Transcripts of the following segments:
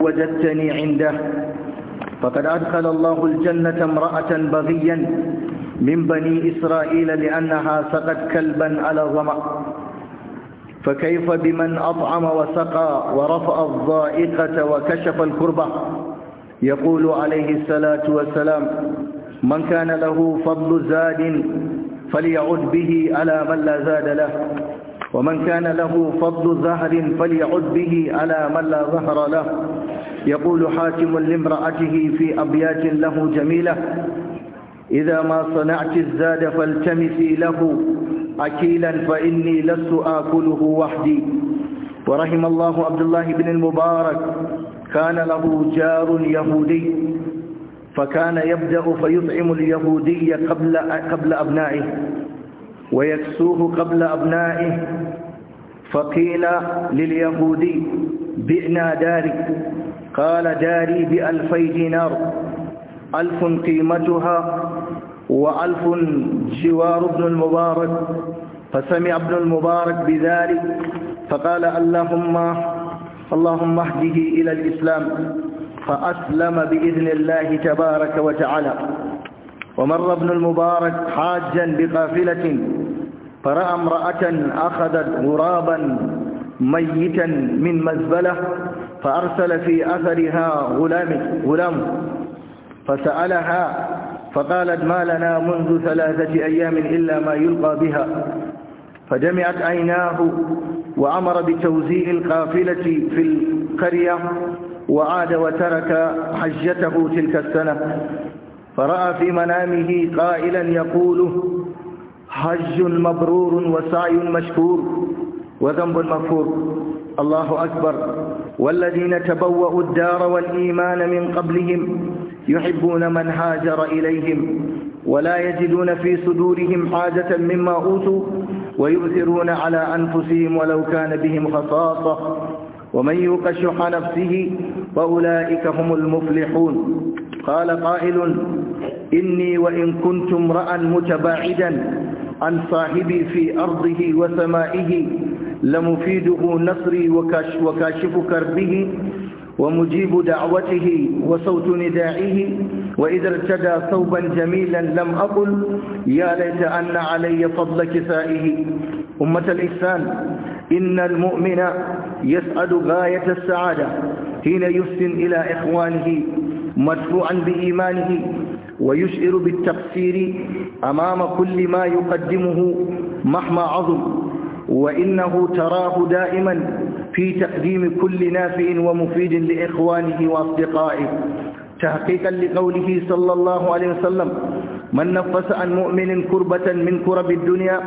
وجدتني عنده فقد أدخل الله الجنة امرأة بغيا من بني إسرائيل لأنها سقت كلبا على ظمأ فكيف بمن أطعم وسقى ورفع الضائقة وكشف الكربة يقول عليه الصلاة والسلام من كان له فضل زاد فليعد به على من لا زاد له ومن كان له فضل زهر فليعد به على من لا ظهر له يقول حاتم لامرأته في أبيات له جميلة إذا ما صنعت الزاد فالتمسي له أكيلا فإني لست آكله وحدي ورحم الله عبد الله بن المبارك كان له جار يهودي فكان يبدأ فيطعم اليهودي قبل, قبل أبنائه ويكسوه قبل أبنائه فقيل لليهودي بئنا دارك قال داري بألفي دينار ألف قيمتها وألف جوار ابن المبارك فسمع ابن المبارك بذلك فقال اللهم اللهم اهده إلى الإسلام فأسلم بإذن الله تبارك وتعالى ومر ابن المبارك حاجا بقافلة فرأى امرأة أخذت غرابا ميتا من مزبلة فأرسل في أثرها غلام غلام فسألها فقالت ما لنا منذ ثلاثة أيام إلا ما يلقى بها فجمعت عيناه وأمر بتوزيع القافلة في القرية وعاد وترك حجته تلك السنة فرأى في منامه قائلا يقول حج مبرور وسعي مشكور وذنب مغفور الله أكبر والذين تبوأوا الدار والإيمان من قبلهم يحبون من هاجر إليهم ولا يجدون في صدورهم حاجة مما أوتوا ويؤثرون على أنفسهم ولو كان بهم خصاصة ومن يوق شح نفسه فأولئك هم المفلحون قال قائل إني وإن كنت امرأ متباعدا عن صاحبي في أرضه وسمائه لمفيده نصري وكاش وكاشف كربه ومجيب دعوته وصوت ندائه وإذا ارتدى ثوبا جميلا لم أقل يا ليت أن علي فضل كسائه أمة الإحسان إن المؤمن يسعد غاية السعادة حين يحسن إلى إخوانه مدفوعا بإيمانه ويشعر بالتقصير أمام كل ما يقدمه مهما عظم وإنه تراه دائما في تقديم كل نافع ومفيد لإخوانه وأصدقائه تحقيقا لقوله صلى الله عليه وسلم من نفس عن مؤمن كربة من كرب الدنيا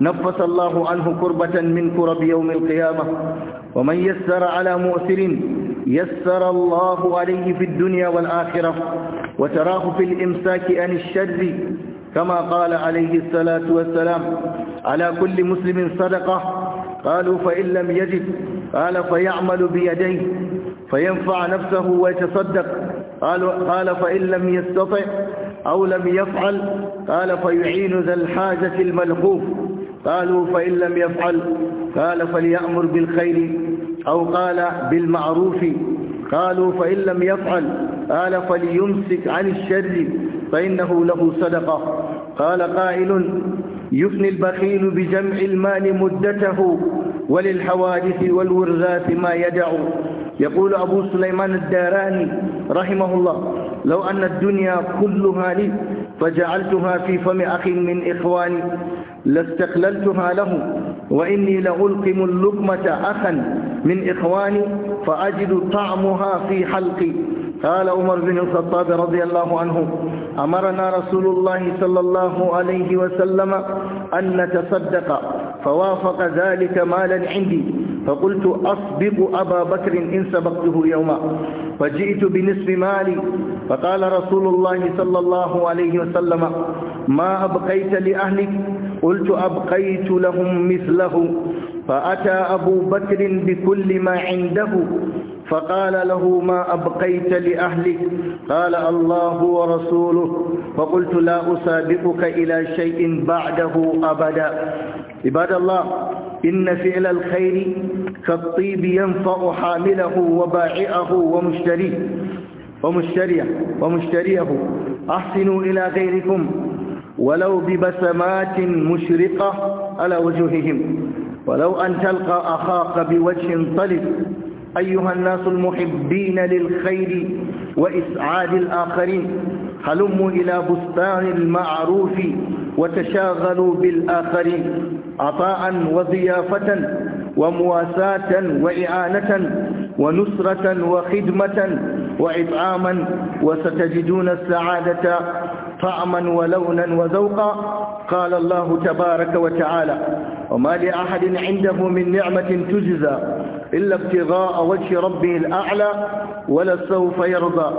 نفس الله عنه كربة من كرب يوم القيامة ومن يسر على مؤثر يسر الله عليه في الدنيا والآخرة وتراه في الإمساك عن الشر كما قال عليه الصلاة والسلام على كل مسلم صدقة قالوا فإن لم يجد قال فيعمل بيديه فينفع نفسه ويتصدق قالوا قال فإن لم يستطع أو لم يفعل قال فيعين ذا الحاجة الملهوف قالوا فإن لم يفعل قال فليأمر بالخير أو قال بالمعروف قالوا فإن لم يفعل قال فليمسك عن الشر فإنه له صدقة قال قائل يفني البخيل بجمع المال مدته وللحوادث والورثات ما يدع يقول أبو سليمان الداراني رحمه الله لو أن الدنيا كلها لي فجعلتها في فم أخ من إخواني لاستقللتها له وإني لألقم اللقمة أخا من إخواني فأجد طعمها في حلقي قال عمر بن الخطاب رضي الله عنه أمرنا رسول الله صلى الله عليه وسلم أن نتصدق فوافق ذلك مالا عندي فقلت اصدق أبا بكر إن سبقته يوما فجئت بنصف مالي فقال رسول الله صلى الله عليه وسلم ما أبقيت لأهلك قلت أبقيت لهم مثله فأتى أبو بكر بكل ما عنده فقال له ما أبقيت لأهلك قال الله ورسوله فقلت لا أسابقك إلى شيء بعده أبدا عباد الله إن فعل الخير كالطيب ينفع حامله وبائعه ومشتريه ومشتريه ومشتريه أحسنوا إلى غيركم ولو ببسمات مشرقة على وجوههم ولو أن تلقى أخاك بوجه طلب أيها الناس المحبين للخير وإسعاد الآخرين هلموا إلى بستان المعروف وتشاغلوا بالآخرين عطاء وضيافة ومواساة وإعانة ونصرة وخدمة وإطعاما وستجدون السعادة طعما ولونا وذوقا قال الله تبارك وتعالى وما لأحد عنده من نعمة تجزى إلا ابتغاء وجه ربه الأعلى ولسوف يرضى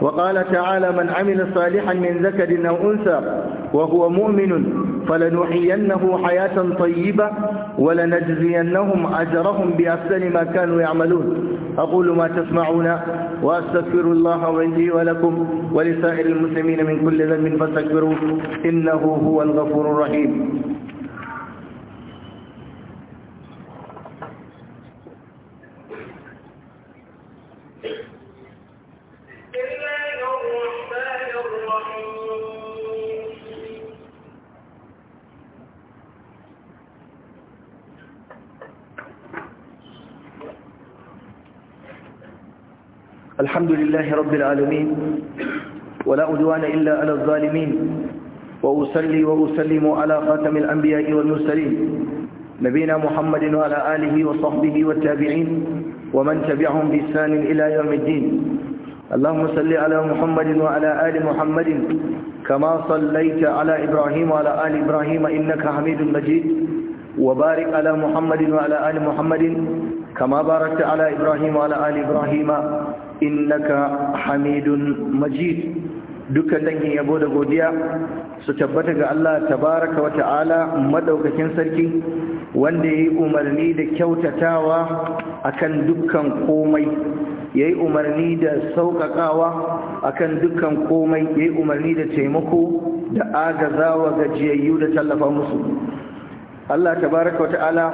وقال تعالى من عمل صالحا من ذكر أو أنثى وهو مؤمن فلنحيينه حياة طيبة ولنجزينهم أجرهم بأحسن ما كانوا يعملون أقول ما تسمعون وأستغفر الله عندي ولكم ولسائر المسلمين من كل ذنب فاستغفروه إنه هو الغفور الرحيم الحمد لله رب العالمين ولا عدوان إلا على الظالمين وأصلي وأسلم على خاتم الأنبياء والمرسلين نبينا محمد وعلى آله وصحبه والتابعين ومن تبعهم بإحسان إلى يوم الدين اللهم صل على محمد وعلى آل محمد كما صليت على إبراهيم وعلى آل إبراهيم إنك حميد مجيد وبارك على محمد وعلى آل محمد كما باركت على إبراهيم وعلى آل إبراهيم innaka hamidun majid duka dangin yabo da godiya su tabbata ga Allah tabaraka wa ta'ala madaukakin sarki wanda yayi umarni da kyautatawa akan dukkan komai yayi umarni da sauƙaƙawa akan dukkan komai yayi umarni da taimako da agazawa gajiyayyu da tallafa musu Allah tabaraka wa ta'ala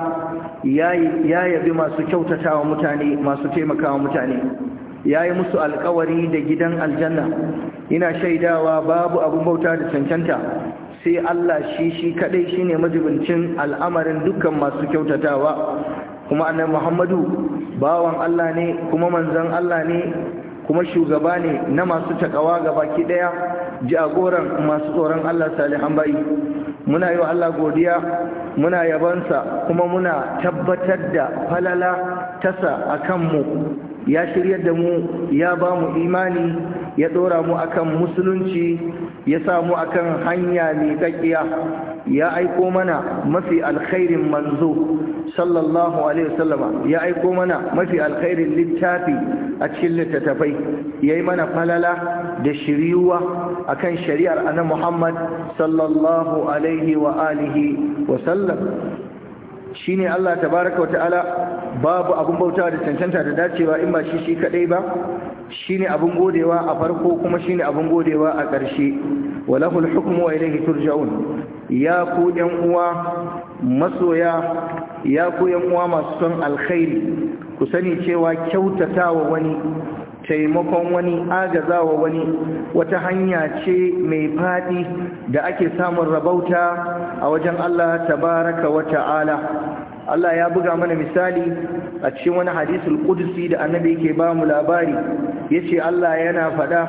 yayi ya bi masu kyautatawa mutane masu taimakawa mutane ya yi musu alkawari da gidan aljanna ina shaidawa babu abin bauta da cancanta sai Allah shi shi kadai ne majibincin al'amarin dukkan masu kyautatawa kuma annan Muhammadu bawan Allah ne kuma manzon Allah ne kuma shugaba ne na masu takawa ga baki daya jagoran masu tsoron Allah salihan bayi muna yi wa Allah godiya muna yabansa kuma muna tabbatar da falala tasa akan mu ya shirya da mu ya ba mu imani ya ɗora mu akan musulunci ya sa mu akan hanya tsakiya. ya aiko mana mafi alkhairin manzo sallallahu alaihi wasallama ya aiko mana mafi alkhairin littafi a cikin littattafai ya yi mana falala da shiriwa akan shari'ar annabi Muhammad sallallahu alaihi wa alihi wa sallam Shi ne Allah Ta baraka wa ta'ala babu abin bauta da cancanta da dacewa in ba shi shi kadai ba ne abin godewa a farko kuma shi shine abin godewa a ƙarshe walahul hukmu wa ilayhi turja'un ya ku 'yan uwa masoya ya ku 'yan uwa masu son alkhairi ku sani cewa kyautata wa wani taimakon wani agazawa wani wata hanya ce mai faɗi da ake samun rabauta a wajen Allah tabaraka wa ta'ala Allah ya buga mana misali a cikin wani hadisul qudsi da annabi yake ba mu labari yace Allah yana faɗa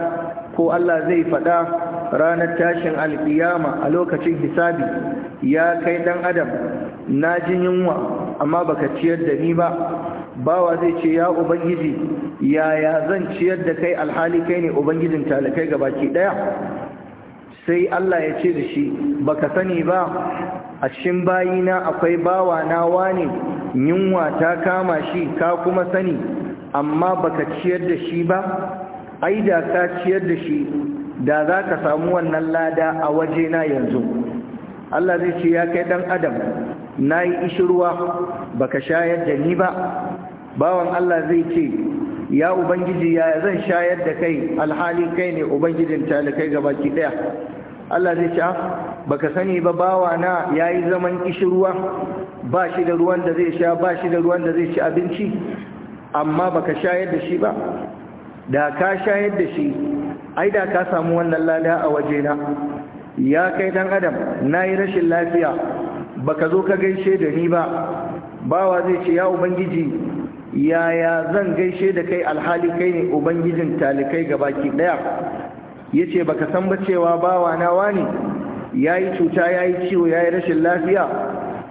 ko Allah zai faɗa ranar tashin alkiyama a lokacin hisabi ya kai dan adam na jin yunwa amma baka ciyar da ni ba bawa zai ce ya ubangiji yaya zan ciyar da kai alhali kai ne ubangijin talakai gabaki daya sai Allah ya ce da shi baka sani ba a cikin bayina akwai bawa na wane yunwa ta kama shi ka kuma sani amma baka ciyar da shi ba ai da ka ciyar da shi da za ka samu wannan lada a waje na yanzu Allah zai ce ya kai dan adam na yi ishirwa Ba ka shayar da ni ba bawan Allah zai ce ya ubangiji ya zan shayar da kai alhali kai ne ubangijin talikai baki daya Allah zai ce ah, baka sani ba bawa na yayi zaman kishirwa ba shi da ruwan da zai sha ba shi da ruwan da zai ci abinci amma baka shayar da shi ba da ka shayar da shi ai da ka samu wannan lada a waje na ya kai dan adam nayi rashin lafiya baka zo ka gaishe da ni ba bawa zai ce ya ubangiji yaya zan gaishe da kai alhali kai ne ubangijin talikai gabaki daya yace baka san ba cewa bawa na wani yayi cuta yayi ciwo yayi rashin lafiya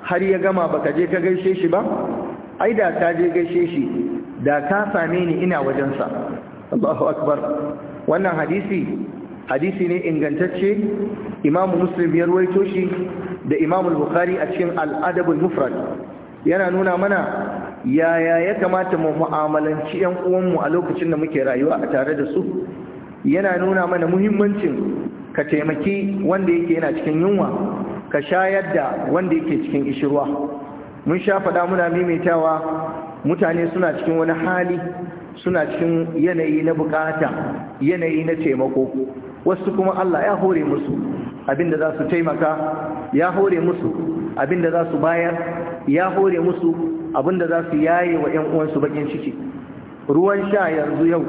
har ya gama baka je ka gaishe shi ba ai da ka je gaishe shi da ka same ni ina wajensa Allahu akbar wannan hadisi hadisi ne ingantacce imamu muslim ya ruwaito shi da imamu bukhari a cikin al-adab al-mufrad yana nuna mana yaya ya kamata mu mu'amalanci yan uwanmu a lokacin da muke rayuwa a tare da su yana nuna mana muhimmancin ka taimaki wanda yake yana cikin yunwa ka shayar da wanda yake cikin ishirwa mun sha faɗa muna maimaitawa mutane suna cikin wani hali suna cikin yanayi na bukata yanayi na taimako wasu kuma Allah ya hore musu abinda za su taimaka ya hore musu abinda za su bayar ya hore musu abinda za su yaye wa 'yan uwansu bakin ciki ruwan sha yanzu yau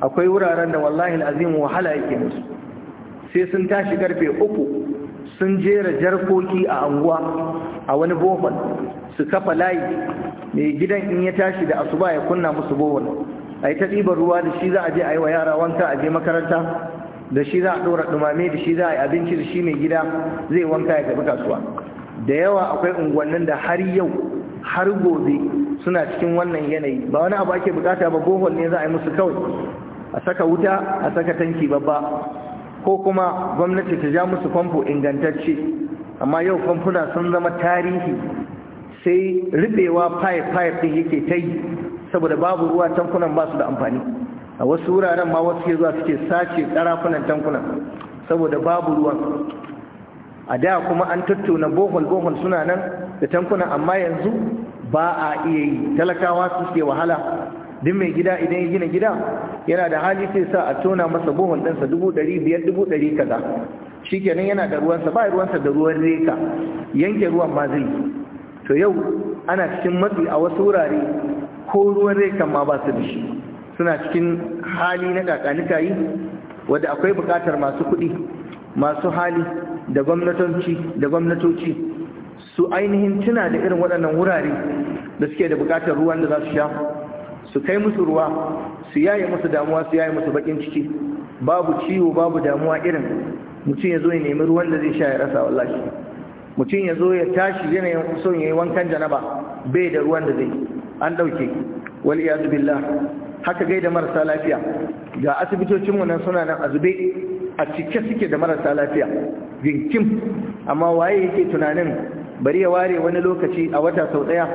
akwai wuraren da wallahi alazim wahala yake musu sai sun tashi karfe uku sun jera jarkoki a anguwa a wani bohol su kafa layi mai gidan in ya tashi da asuba ya kunna musu bohol a yi taɗibar ruwa da shi za a je a yi wa yara wanka a je makaranta da shi za a ɗora ɗumame da shi za a yi abinci da shi mai gida zai wanka ya tafi kasuwa da yawa akwai unguwannin da har yau har gobe suna cikin wannan yanayi ba wani abu ake bukata ba bohol ne za a yi musu kawai a saka wuta a saka tanki babba ko kuma gwamnati ta ja musu famfo ingantacce amma yau famfuna sun zama tarihi sai ribewa pipe ɗin din yake ta yi saboda babu ruwa tankunan ba su da amfani a wasu wuraren ma wasu ke zuwa suke sace karafunan tankunan saboda babu ruwan a da kuma an tattauna bohol bohol suna nan da tankuna amma yanzu ba a iya yi talakawa suke wahala duk mai gida idan ya gina gida yana da hali sai sa a tona masa buhun ɗansa dubu ɗari biyar dubu ɗari kaza shi kenan yana da ruwansa ba ruwansa da ruwan reka yanke ruwan ma zai to yau ana cikin matsi a wasu wurare ko ruwan reka, ma ba su da shi suna cikin hali na kakanika yi wadda akwai buƙatar masu kuɗi masu hali da gwamnatoci da gwamnatoci su ainihin tuna da irin waɗannan wurare da suke da buƙatar ruwan da za su sha su kai musu ruwa su yaye musu damuwa su yaye musu bakin ciki babu ciwo babu damuwa irin mutum ya zo ya nemi ruwan da zai sha ya rasa wallahi mutum ya zo ya tashi yanayin son ya yi wankan janaba bai da ruwan da zai an ɗauke wal iyazu billah haka gai da marasa lafiya ga asibitocinmu nan suna nan a zube a cike suke da marasa lafiya ginkim amma waye yake tunanin bari ya ware wani lokaci a wata sau daya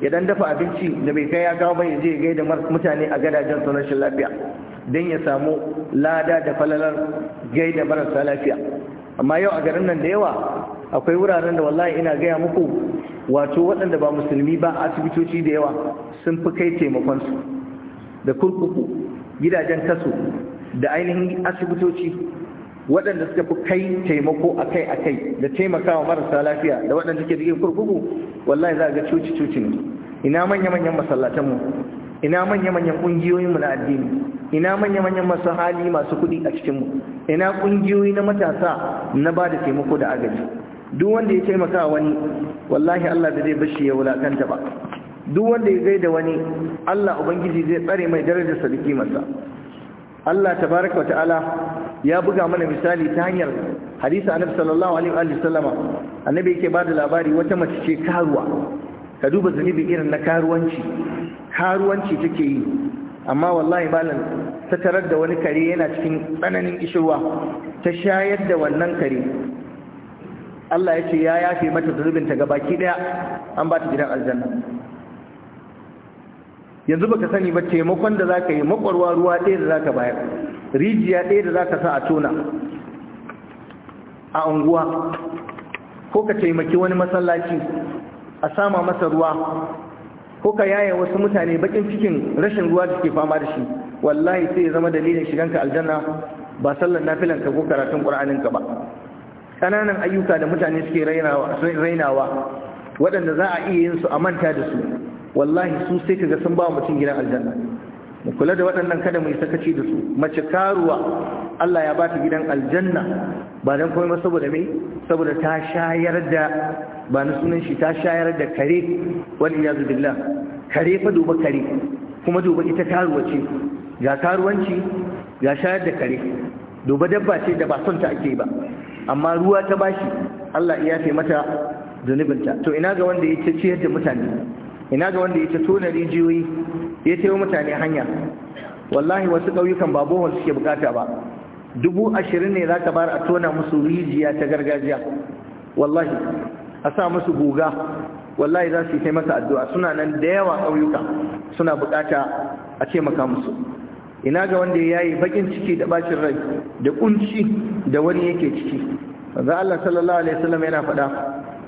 ya dan dafa abinci da bai kai ya gawo bai ya je gaida mutane a gadajen su lafiya don ya samu lada da falalar gaida marasa lafiya amma yau a garin nan da yawa akwai wuraren da wallahi ina gaya muku wato waɗanda ba musulmi ba asibitoci da yawa sun fi kai taimakonsu da kurkuku gidajen tasu da ainihin asibitoci waɗanda suka fi kai taimako akai akai da taimakawa marasa lafiya da waɗanda suke cikin kurkuku wallahi za a ga cuci cuci ne ina manya manyan masallatanmu? ina manya manyan ƙungiyoyin mu na addini ina manya manyan masu hali masu kuɗi a cikin mu ina ƙungiyoyi na matasa na ba da taimako da agaji duk wanda ya taimaka wani wallahi Allah da zai bashi ya wulakanta ba duk wanda ya gaida wani Allah ubangiji zai tsare mai darajar sa da kimarsa Allah tabaraka wa ta'ala ya buga mana misali ta hanyar hadisi annabi sallallahu alaihi wa sallama annabi yake bada labari wata mace ce karuwa ka duba zunubi irin na karuwanci karuwanci take yi amma wallahi malam ta tarar da wani kare yana cikin tsananin ishirwa ta shayar da wannan kare Allah ya ce ya yafe mata zunubin ta gabaki daya an ba ta gidan aljanna yanzu baka sani ba taimakon da zaka yi makwarwa ruwa ɗaya da zaka bayar rijiya ɗaya da zaka sa a tona a unguwa ko ka taimaki wani masallaci a sama masa ruwa ko ka yaye wasu mutane bakin cikin rashin ruwa da ke fama da shi wallahi sai ya zama dalilin shiganka aljanna ba sallan nafilan ka ko karatun qur'anin ka ba kananan ayyuka da mutane suke rainawa rainawa waɗanda za a iya yin su a manta da su wallahi su sai kaga sun ba mutum gidan aljanna mu kula da waɗannan kada mu yi sakaci da su mace karuwa Allah ya ba ta gidan aljanna ba dan komai ba saboda me saboda ta shayar da ba na sunan shi ta shayar da kare wal iyazu billah kare fa duba kare kuma duba ita karuwa ce ga karuwanci ga shayar da kare duba dabba ce da ba son ta ake ba amma ruwa ta bashi Allah ya yafe mata zunubinta to ina ga wanda ya ciyar da mutane ina ga wanda ya tona rijiyoyi ya taiwa mutane hanya wallahi wasu ƙauyukan ba bohol suke bukata ba dubu ashirin ne za ka bar a tona musu rijiya ta gargajiya wallahi a sa musu guga wallahi za su yi taimaka addu'a suna nan da yawa ƙauyuka suna bukata a taimaka musu ina ga wanda ya yi bakin ciki da bacin rai da kunci da wani yake ciki za Allah sallallahu alaihi wasallam yana faɗa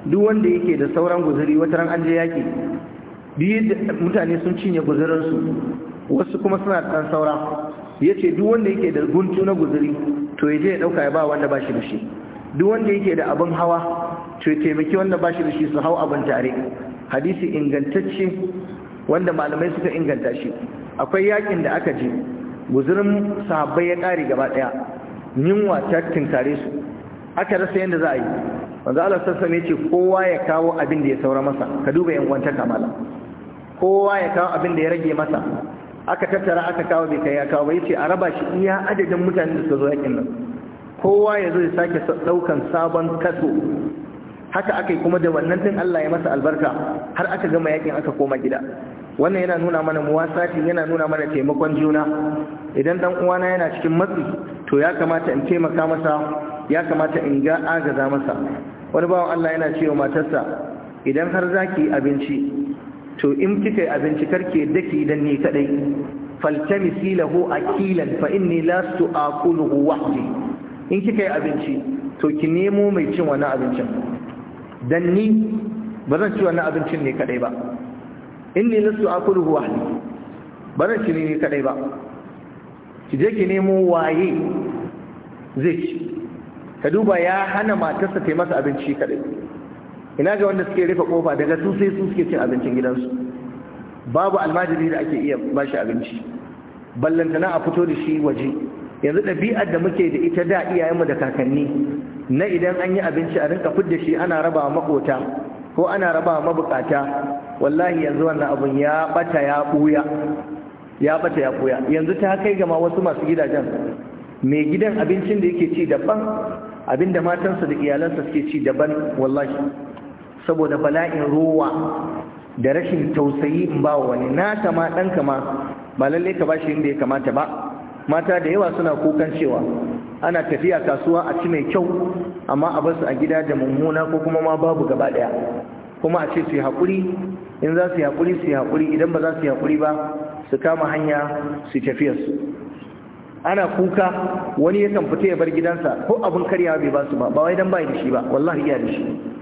duk wanda yake da sauran guzuri wata ran an je yaki biyu mutane sun cinye guzurinsu wasu kuma suna ɗan saura ya ce duk wanda yake da guntu na guzuri to ya je ya ɗauka ya ba wanda ba shi da shi duk wanda yake da abin hawa to ya taimaki wanda ba shi da shi su hau abin tare hadisi ingantacce wanda malamai suka inganta shi akwai yakin da aka je guzurin sahabbai ya ƙare gaba ɗaya yunwa ta tinkare su aka rasa yadda za a yi wanda Allah sassa ne ce kowa ya kawo abin da ya saura masa ka duba yan wanta kamala kowa ya kawo abin da ya rage masa aka tattara aka kawo bai kai ya kawo bai ce a raba shi iya adadin mutanen da suka zo yakin nan kowa ya zo ya sake daukan sabon kaso haka aka yi kuma da wannan din Allah ya masa albarka har aka gama yakin aka koma gida wannan yana nuna mana muwasati yana nuna mana taimakon juna idan dan uwana yana cikin matsi to ya kamata in taimaka masa ya kamata in ga agaza masa wani bawan Allah yana cewa matarsa idan har zaki abinci to in kike abinci karke daki idan ni kadai faltamisi lahu akilan fa inni lastu akuluhu wahdi in kike yi abinci to ki nemo mai cin wani abincin dan ni ba zan ci wani abincin ne kadai ba inni lastu akuluhu wahdi ba zan ci ne kadai ba ki je ki nemo waye zai ci ka duba ya hana matarsa ta masa abinci kadai ina ga wanda suke rufe kofa daga su sai su suke cin abincin gidansu babu almajiri da ake iya ba shi abinci ballantana a fito da shi waje yanzu ɗabi'ar da muke da ita da iyayenmu da kakanni na idan an yi abinci a rinka fidda shi ana raba makota ko ana raba mabukata wallahi yanzu wannan abun ya bata ya buya ya bata ya buya yanzu ta kai ga ma wasu masu gidajen mai gidan abincin da yake ci daban abinda matansa da iyalansa suke ci daban wallahi saboda bala'in ruwa da rashin tausayi in ba wani naka ma ɗanka ma ba lalle ka bashi inda ya kamata ba mata da yawa suna kukan cewa ana tafiya kasuwa a ci mai kyau amma a basu a gida da mummuna ko kuma ma babu gaba ɗaya kuma a ce su yi haƙuri in za su yi haƙuri su yi haƙuri idan ba za su yi haƙuri ba su kama hanya su tafiyarsu ana kuka wani yakan fita ya bar gidansa ko abin karyawa bai ba su ba ba wai dan bai da shi ba wallahi iya da shi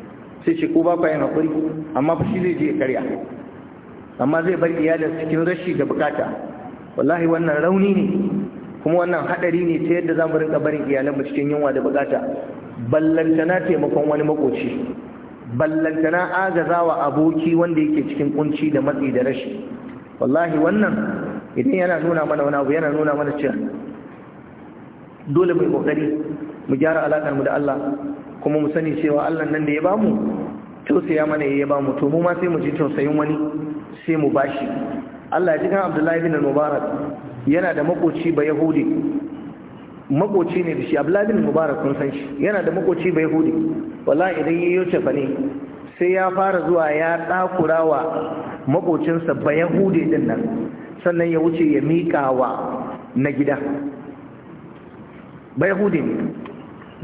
sai ce ko ba ku yin haƙuri amma ba shi zai je karya amma zai bar iyalin cikin rashi da bukata wallahi wannan rauni ne kuma wannan haɗari ne ta yadda za mu rinka barin iyalanmu cikin yunwa da bukata ballantana taimakon wani makoci ballantana agazawa aboki wanda yake cikin kunci da matsi da rashi wallahi wannan idan yana nuna mana wani abu yana nuna mana cewa dole yi kokari mu gyara alakar mu da Allah kuma mu sani cewa Allah nan da ya bamu tausaya mana ya bamu to mu ma sai mu ji tausayin wani sai mu bashi Allah ya ji kan Abdullahi bin Mubarak yana da makoci ba Yahudi makoci ne da shi Abdullahi bin Mubarak kun san shi yana da makoci ba Yahudi wallahi idan yayi yoce fa ne sai ya fara zuwa ya dakurawa makocinsa ba Yahudi din nan sannan ya wuce ya miƙa wa na gida ba Yahudi ne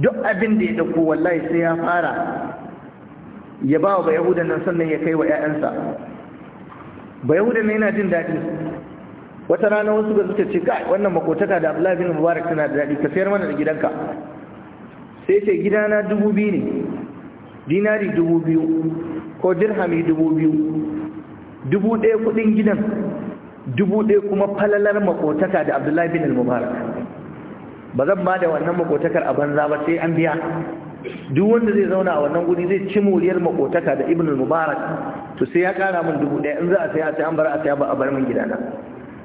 duk abin da ya dauko wallahi sai ya fara ya ba wa yahudan nan sannan ya kai wa ƴaƴansa ba yahudan ne yana jin daɗi wata rana wasu ga suka ce kai wannan makotaka da Abdullahi bin Mubarak tana da daɗi ka sayar mana da gidanka sai ce gidana dubu biyu ne dinari dubu biyu ko dirhami dubu biyu dubu ɗaya kuɗin gidan dubu ɗaya kuma falalar makotaka da Abdullahi bin Mubarak ba zan ba da wannan makotakar a banza ba sai an biya duk wanda zai zauna a wannan guri zai ci muriyar makotaka da ibn mubarak to sai ya kara min dubu ɗaya in za a saya sai an bar a saya ba a bar min gidana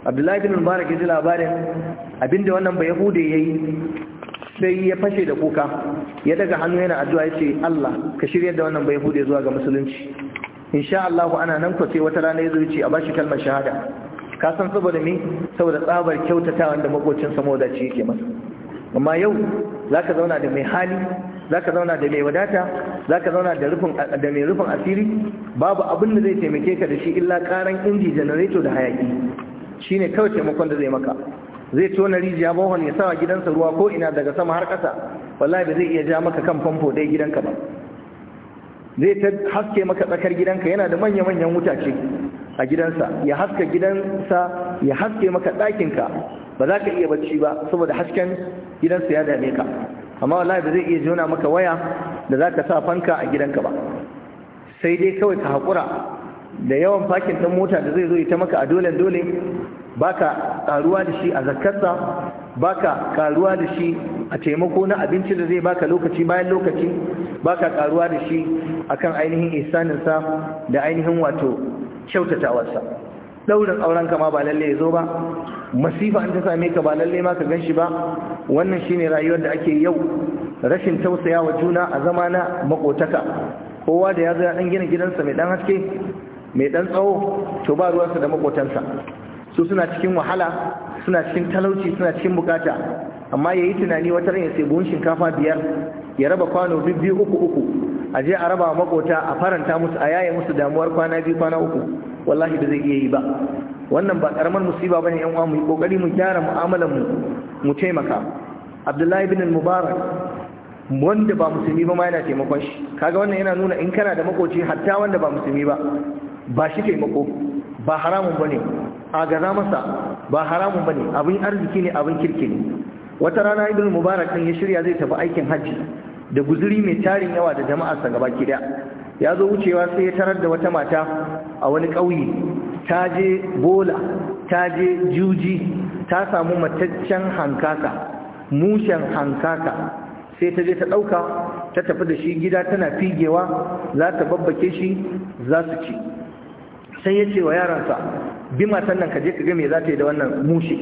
abdullahi ibn mubarak ya ji labarin abinda wannan ba yahude ya yi sai ya fashe da kuka ya daga hannu yana addu'a ya ce allah ka shirya da wannan ba yahude zuwa ga musulunci insha allah ana nan ko wata rana ya zo ya ce a bashi kalmar shahada ka san saboda me saboda tsabar kyautatawa da makocin samoda ci yake masa amma yau za ka zauna da mai hali za ka zauna da mai wadata za ka zauna da mai rufin asiri babu abin da zai taimake ka da shi illa karan inji janareto da hayaki shi ne kawai taimakon da zai maka zai tona rijiya bohon ya sawa gidansa ruwa ko ina daga sama har ƙasa wallahi ba zai iya ja maka kan famfo dai gidanka ba zai ta haske maka tsakar gidanka yana da manya-manyan wutace a gidansa ya haska gidansa ya haske maka ɗakinka ba za ka iya bacci ba saboda hasken Gidan gidansu ya dame ka amma wallahi ba zai iya jona maka waya da za ka sa fanka a gidanka ba sai dai kawai ka haƙura da yawan fakin ɗan mota da zai zo ita maka a dole dole baka ƙaruwa da shi a zakarsa baka ƙaruwa da shi a taimako na abinci da zai baka lokaci bayan lokaci baka ƙaruwa da shi akan ainihin isaninsa da ainihin wato kyautatawarsa daurin auren kama ba lallai ya zo ba masifa an ta same ka ba lalle ma ka shi ba wannan shine rayuwar da ake yau rashin tausaya wa juna a zama na makotaka kowa da ya zo ya dan gina gidansa mai dan haske mai dan tsawo to ba ruwansa da makotansa su suna cikin wahala suna cikin talauci suna cikin bukata amma yayi tunani wata ran ya sai buhun shinkafa biyar ya raba kwano bibbi uku uku a je a raba makota a faranta musu a yaye musu damuwar kwana biyu kwana uku wallahi ba zai iya yi ba wannan ba karamar musiba bane yan uwa mu kokari mu gyara mu'amalar mu mu taimaka Abdullahi bin Mubarak wanda ba musulmi ba ma yana taimakon shi kaga wannan yana nuna in kana da makoci hatta wanda ba musulmi ba ba shi taimako ba haramun bane a gaza masa ba haramun bane abin arziki ne abin kirki ne wata rana ibn mubarak din ya shirya zai tafi aikin hajji da guzuri mai tarin yawa da sa gaba kida ya zo wucewa sai ya tarar da wata mata a wani ƙauye ta je bola ta je juji ta samu mataccen hankaka mushen hankaka sai ta je ta ɗauka ta tafi da shi gida tana figewa za ta babbake shi za su ci sai ya ce wa yaransa bi matan nan ka je ka ga me za ta yi da wannan mushe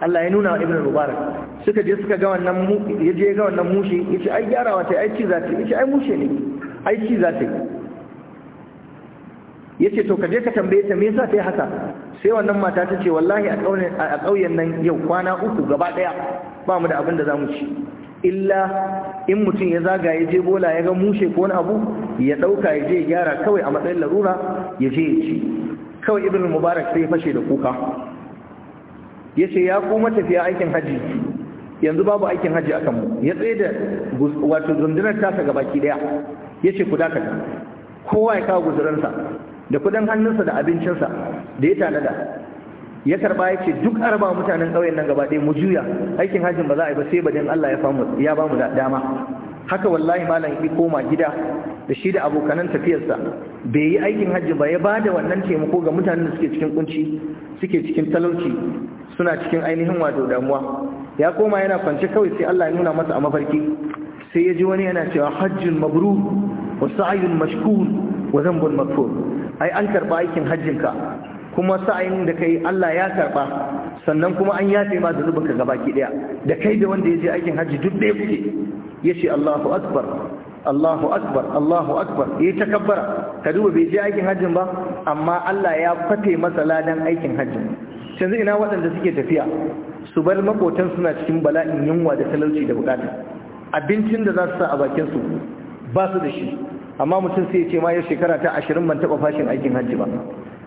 Allah ya nuna wa ibn mubarak suka je suka ga wannan ya je ga wannan mushe yace ai gyarawa ta ai ci za ta ai mushe ne ai ci za ta yi ya ce to kaje ka tambaye ta me yasa ta yi haka sai wannan mata ta ce wallahi a a kauyen nan yau kwana uku gaba ɗaya ba mu da abin da za mu ci illa in mutum ya zaga ya je bola ya ga mushe ko wani abu ya ɗauka ya je gyara kawai a matsayin larura ya je ya ci kawai ibn mubarak sai ya fashe da kuka ya ce ya koma tafiya aikin hajji yanzu babu aikin hajji a kanmu ya tsaye da wato zundunar tasa gabaki ɗaya ya ce ku dakata kowa ya kawo guzuransa da kudin hannunsa da abincinsa da ya tanada ya karba ya ce duk araba mutanen ƙauyen nan gaba mu juya aikin hajjin ba za a yi ba sai badin Allah ya ba mu dama haka wallahi malam ya koma gida da shi da abokanan tafiyarsa bai yi aikin hajji ba ya ba da wannan taimako ga mutanen da suke cikin kunci suke cikin talauci suna cikin ainihin wato damuwa ya koma yana kwance kawai sai Allah ya nuna masa a mafarki sai ya ji wani yana cewa hajjin mabru wa sa'yun mashkur wa dhanbun maghfur ai an karba aikin hajjinka kuma sa'ayin da kai Allah ya karba sannan kuma an yafe ma zunubanka gabaki daya da kai da wanda ya je aikin hajji duk ɗaya kuke yace Allahu akbar Allahu akbar Allahu akbar yayi takabbara ka duba bai je aikin hajjin ba amma Allah ya fate masa ladan aikin hajji yanzu ina waɗanda suke tafiya su bar makotan suna cikin bala'in yunwa da talauci da bukata abincin da za su sa a bakin su ba su da shi amma mutum sai ya ce ma yau shekara ta ashirin ban taɓa fashin aikin hajji ba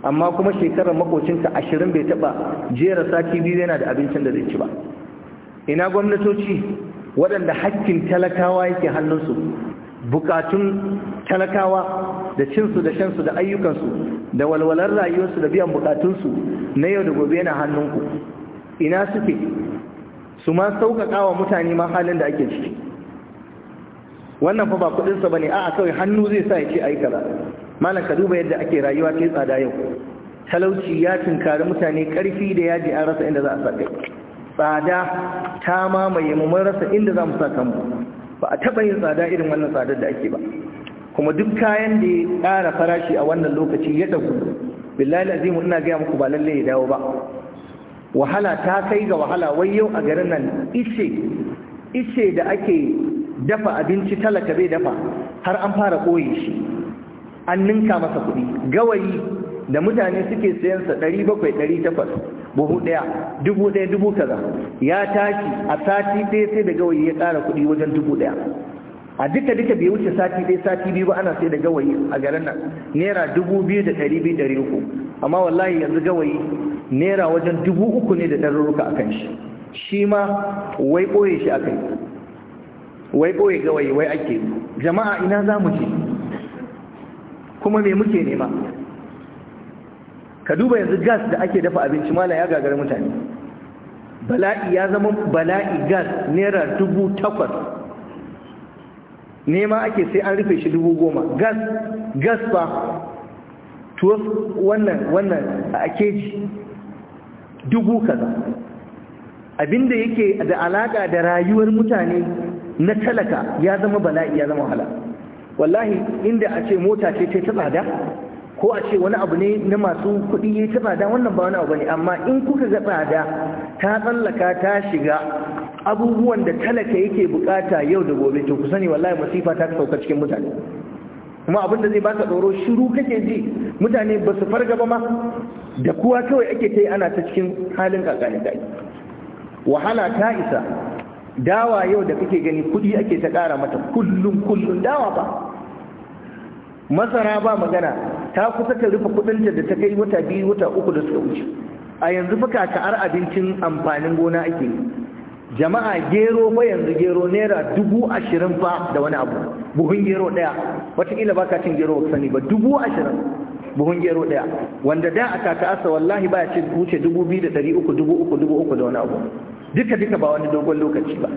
amma kuma shekarar makocinta ashirin bai taba jera sati biyu yana da abincin da zai ci ba ina gwamnatoci waɗanda hakkin talakawa yake hannunsu bukatun talakawa da cinsu da shansu da ayyukansu da walwalar rayuwarsu da biyan bukatunsu na yau da gobe yana hannunku ina suke su ma sauƙaƙa wa mutane ma halin da ake ciki wannan fa ba kudinsa ba ne a kawai hannu zai sa ya ce a yi kaza malam ka duba yadda ake rayuwa ta tsada yau talauci ya tunkari mutane karfi da yaji an rasa inda za a sa tsada ta mamaye mu mun rasa inda za mu sa kanmu ba a taɓa yin tsada irin wannan tsadar da ake ba kuma duk kayan da ya ƙara farashi a wannan lokaci ya ɗauku billahi azimu ina gaya muku ba lalle ya dawo ba wahala ta kai ga wahala wai yau a garin nan ice ice da ake dafa abinci talaka bai dafa har an fara koyi shi an ninka masa kuɗi gawayi da mutane suke sayansa 700-800 buhu ɗaya dubu ɗaya dubu kaza ya tashi a sati ɗaya sai da gawayi ya ƙara kuɗi wajen dubu ɗaya a duka duka bai wuce sati ɗaya sati biyu ba ana sai da gawayi a garin nan naira dubu biyu da ɗari biyu uku amma wallahi yanzu gawayi naira wajen dubu uku ne da ɗarurruka a kan shi shi ma wai ɓoye shi a kai wai ɓoye gawai wai ake jama'a ina za mu ce kuma me muke nema ka duba yanzu gas da ake dafa abinci mala ya gagar mutane bala'i ya zama bala'i gas naira dubu takwas nema ake sai an rufe shi dubu goma gas gas ba tuwa wannan wannan a keji dubu kaza abinda yake da alaka da rayuwar mutane na talaka ya zama bala'i ya zama wahala wallahi inda a ce mota ce ta tsada ko a ce wani abu ne na masu kuɗi ya ta tsada wannan ba wani abu ne amma in kuka ga tsada ta tsallaka ta shiga abubuwan da talaka yake bukata yau da gobe to ku sani wallahi masifa ta sauka cikin mutane kuma abin da zai baka tsoro shiru kake ji mutane ba su farga ba ma da kuwa kawai ake ta yi ana ta cikin halin kakanin wahala ta isa dawa yau da kake gani kudi ake ta ƙara mata kullum kullum dawa ba masara ba magana ta kusa ta rufe kudinta da ta kai wata biyu wata uku da suka wuce a yanzu fa kaka'ar abincin amfanin gona ake yi jama'a gero ba yanzu gero naira dubu ashirin fa da wani abu buhun gero ɗaya wataƙila ba ka cin gero ba sani ba dubu ashirin buhun gero ɗaya wanda da a kaka'arsa wallahi ba ya ce wuce dubu biyu da dari uku dubu uku dubu uku da wani abu duka duka ba wani dogon lokaci ba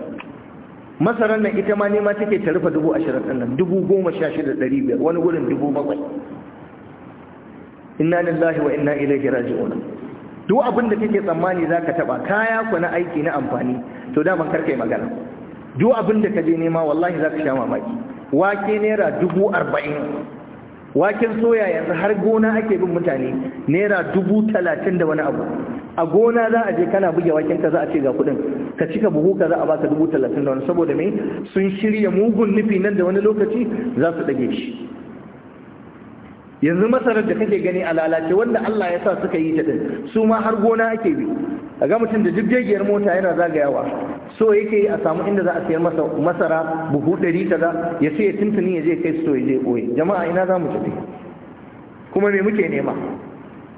masarar nan ita ma nema take ta rufe dubu ashirin ɗan nan dubu goma sha shida ɗari biyar wani wurin dubu bakwai inna lillahi wa inna ilaihi raji'un duk abin da kake tsammani zaka taba kaya ku na aiki na amfani to da man karkai magana duk abin da ka je nema wallahi zaka sha mamaki wake naira dubu arba'in waken soya yanzu har gona ake bin mutane naira dubu talatin da wani abu a gona za a je kana buge waken ka za a ce ga kudin ka cika buhu ka za a baka dubu talatin da wani saboda me sun shirya mugun nufi nan da wani lokaci za su ɗage shi yanzu masarar da kake gani a lalace wanda Allah ya sa suka yi ta din su ma har gona ake bi a ga mutum da jibjegiyar mota yana zagayawa so yake yi a samu inda za a sayar masa masara buhu ɗari kaza ya sai ya tuntuni ya je kai so ya je koyi jama'a ina za mu tafi kuma me muke nema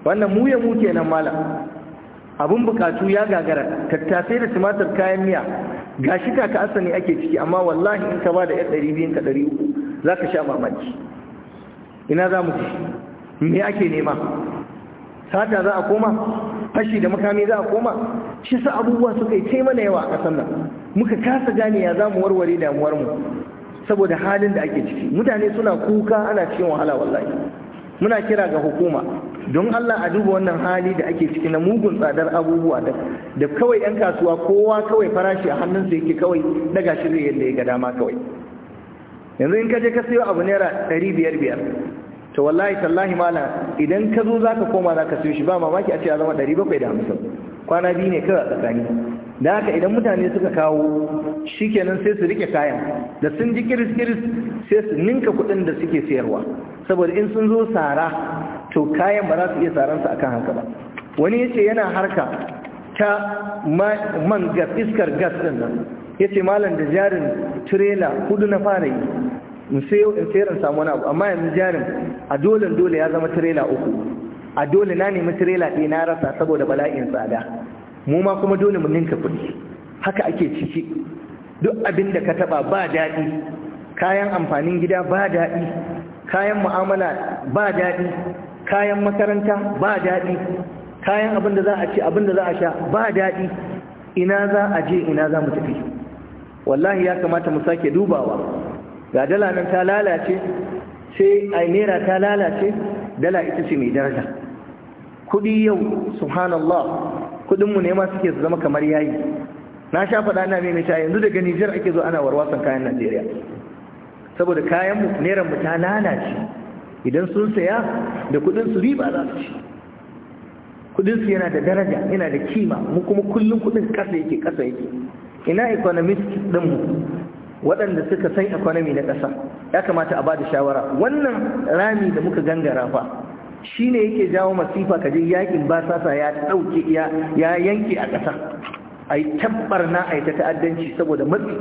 wannan mu ya mu kenan malam abun bukatu ya gagara tattasai da tumatir kayan miya gashi ka asani ake ciki amma wallahi in ka ba da 100 200 ka za zaka sha mamaki ina za mu fi? me ake nema sata za a koma fashi da makami za a koma shi sa abubuwa suka yi taimana yawa a ƙasar nan muka kasa gane ya za mu warware damuwar mu saboda halin da ake ciki mutane suna kuka ana cikin wahala wallahi muna kira ga hukuma don Allah a duba wannan hali da ake ciki na mugun tsadar abubuwa da da kawai 'yan kasuwa kowa kawai farashi a hannunsa yake kawai daga shirya yadda ya ga dama kawai yanzu in ka je ka sayo abu naira ɗari biyar biyar to wallahi tallahi mala idan ka zo za ka koma za ka siyo shi ba mamaki a ce ya zama ɗari bakwai da hamsin kwana biyu ne kawai a tsakani da haka idan mutane suka kawo shi kenan sai su rike kayan da sun ji kiris kiris sai su ninka kuɗin da suke sayarwa saboda in sun zo sara to kayan ba za su iya su akan haka ba wani yace yana harka ta man gas iskar gas ɗin nan ya ce malam da jarin tirela hudu na fara yi in sayo in tseren samu wani abu amma yanzu jarin a dole dole ya zama tirela uku a dole na nemi tirela ɗaya na rasa saboda bala'in tsada mu ma kuma dole mu ninka kuɗi haka ake ciki duk abin da ka taɓa ba daɗi kayan amfanin gida ba daɗi kayan mu'amala ba daɗi kayan makaranta ba daɗi kayan abin da za a ci abin da za a sha ba daɗi ina za a je ina za mu tafi wallahi ya kamata mu sake dubawa ga dala nan ta lalace sai ai naira ta lalace dala ita ce mai daraja kudi yau subhanallah kudinmu ne ma suke su zama kamar yayi na sha faɗa na mai ta yanzu daga Nijar ake zo ana warwasan kayan Najeriya saboda kayan mu neran mu ta lalace idan sun saya da kudin su riba za su ci kudin su yana da daraja yana da kima mu kuma kullun kudin kasa yake kasa yake ina economist ɗinmu waɗanda suka san economy na ƙasa ya kamata a ba da shawara wannan rami da muka gangara fa shi ne yake jawo masifa kaje yakin ba sasa ya ɗauke ya yanke a ƙasa a tabbar na a ta ta'addanci saboda matsi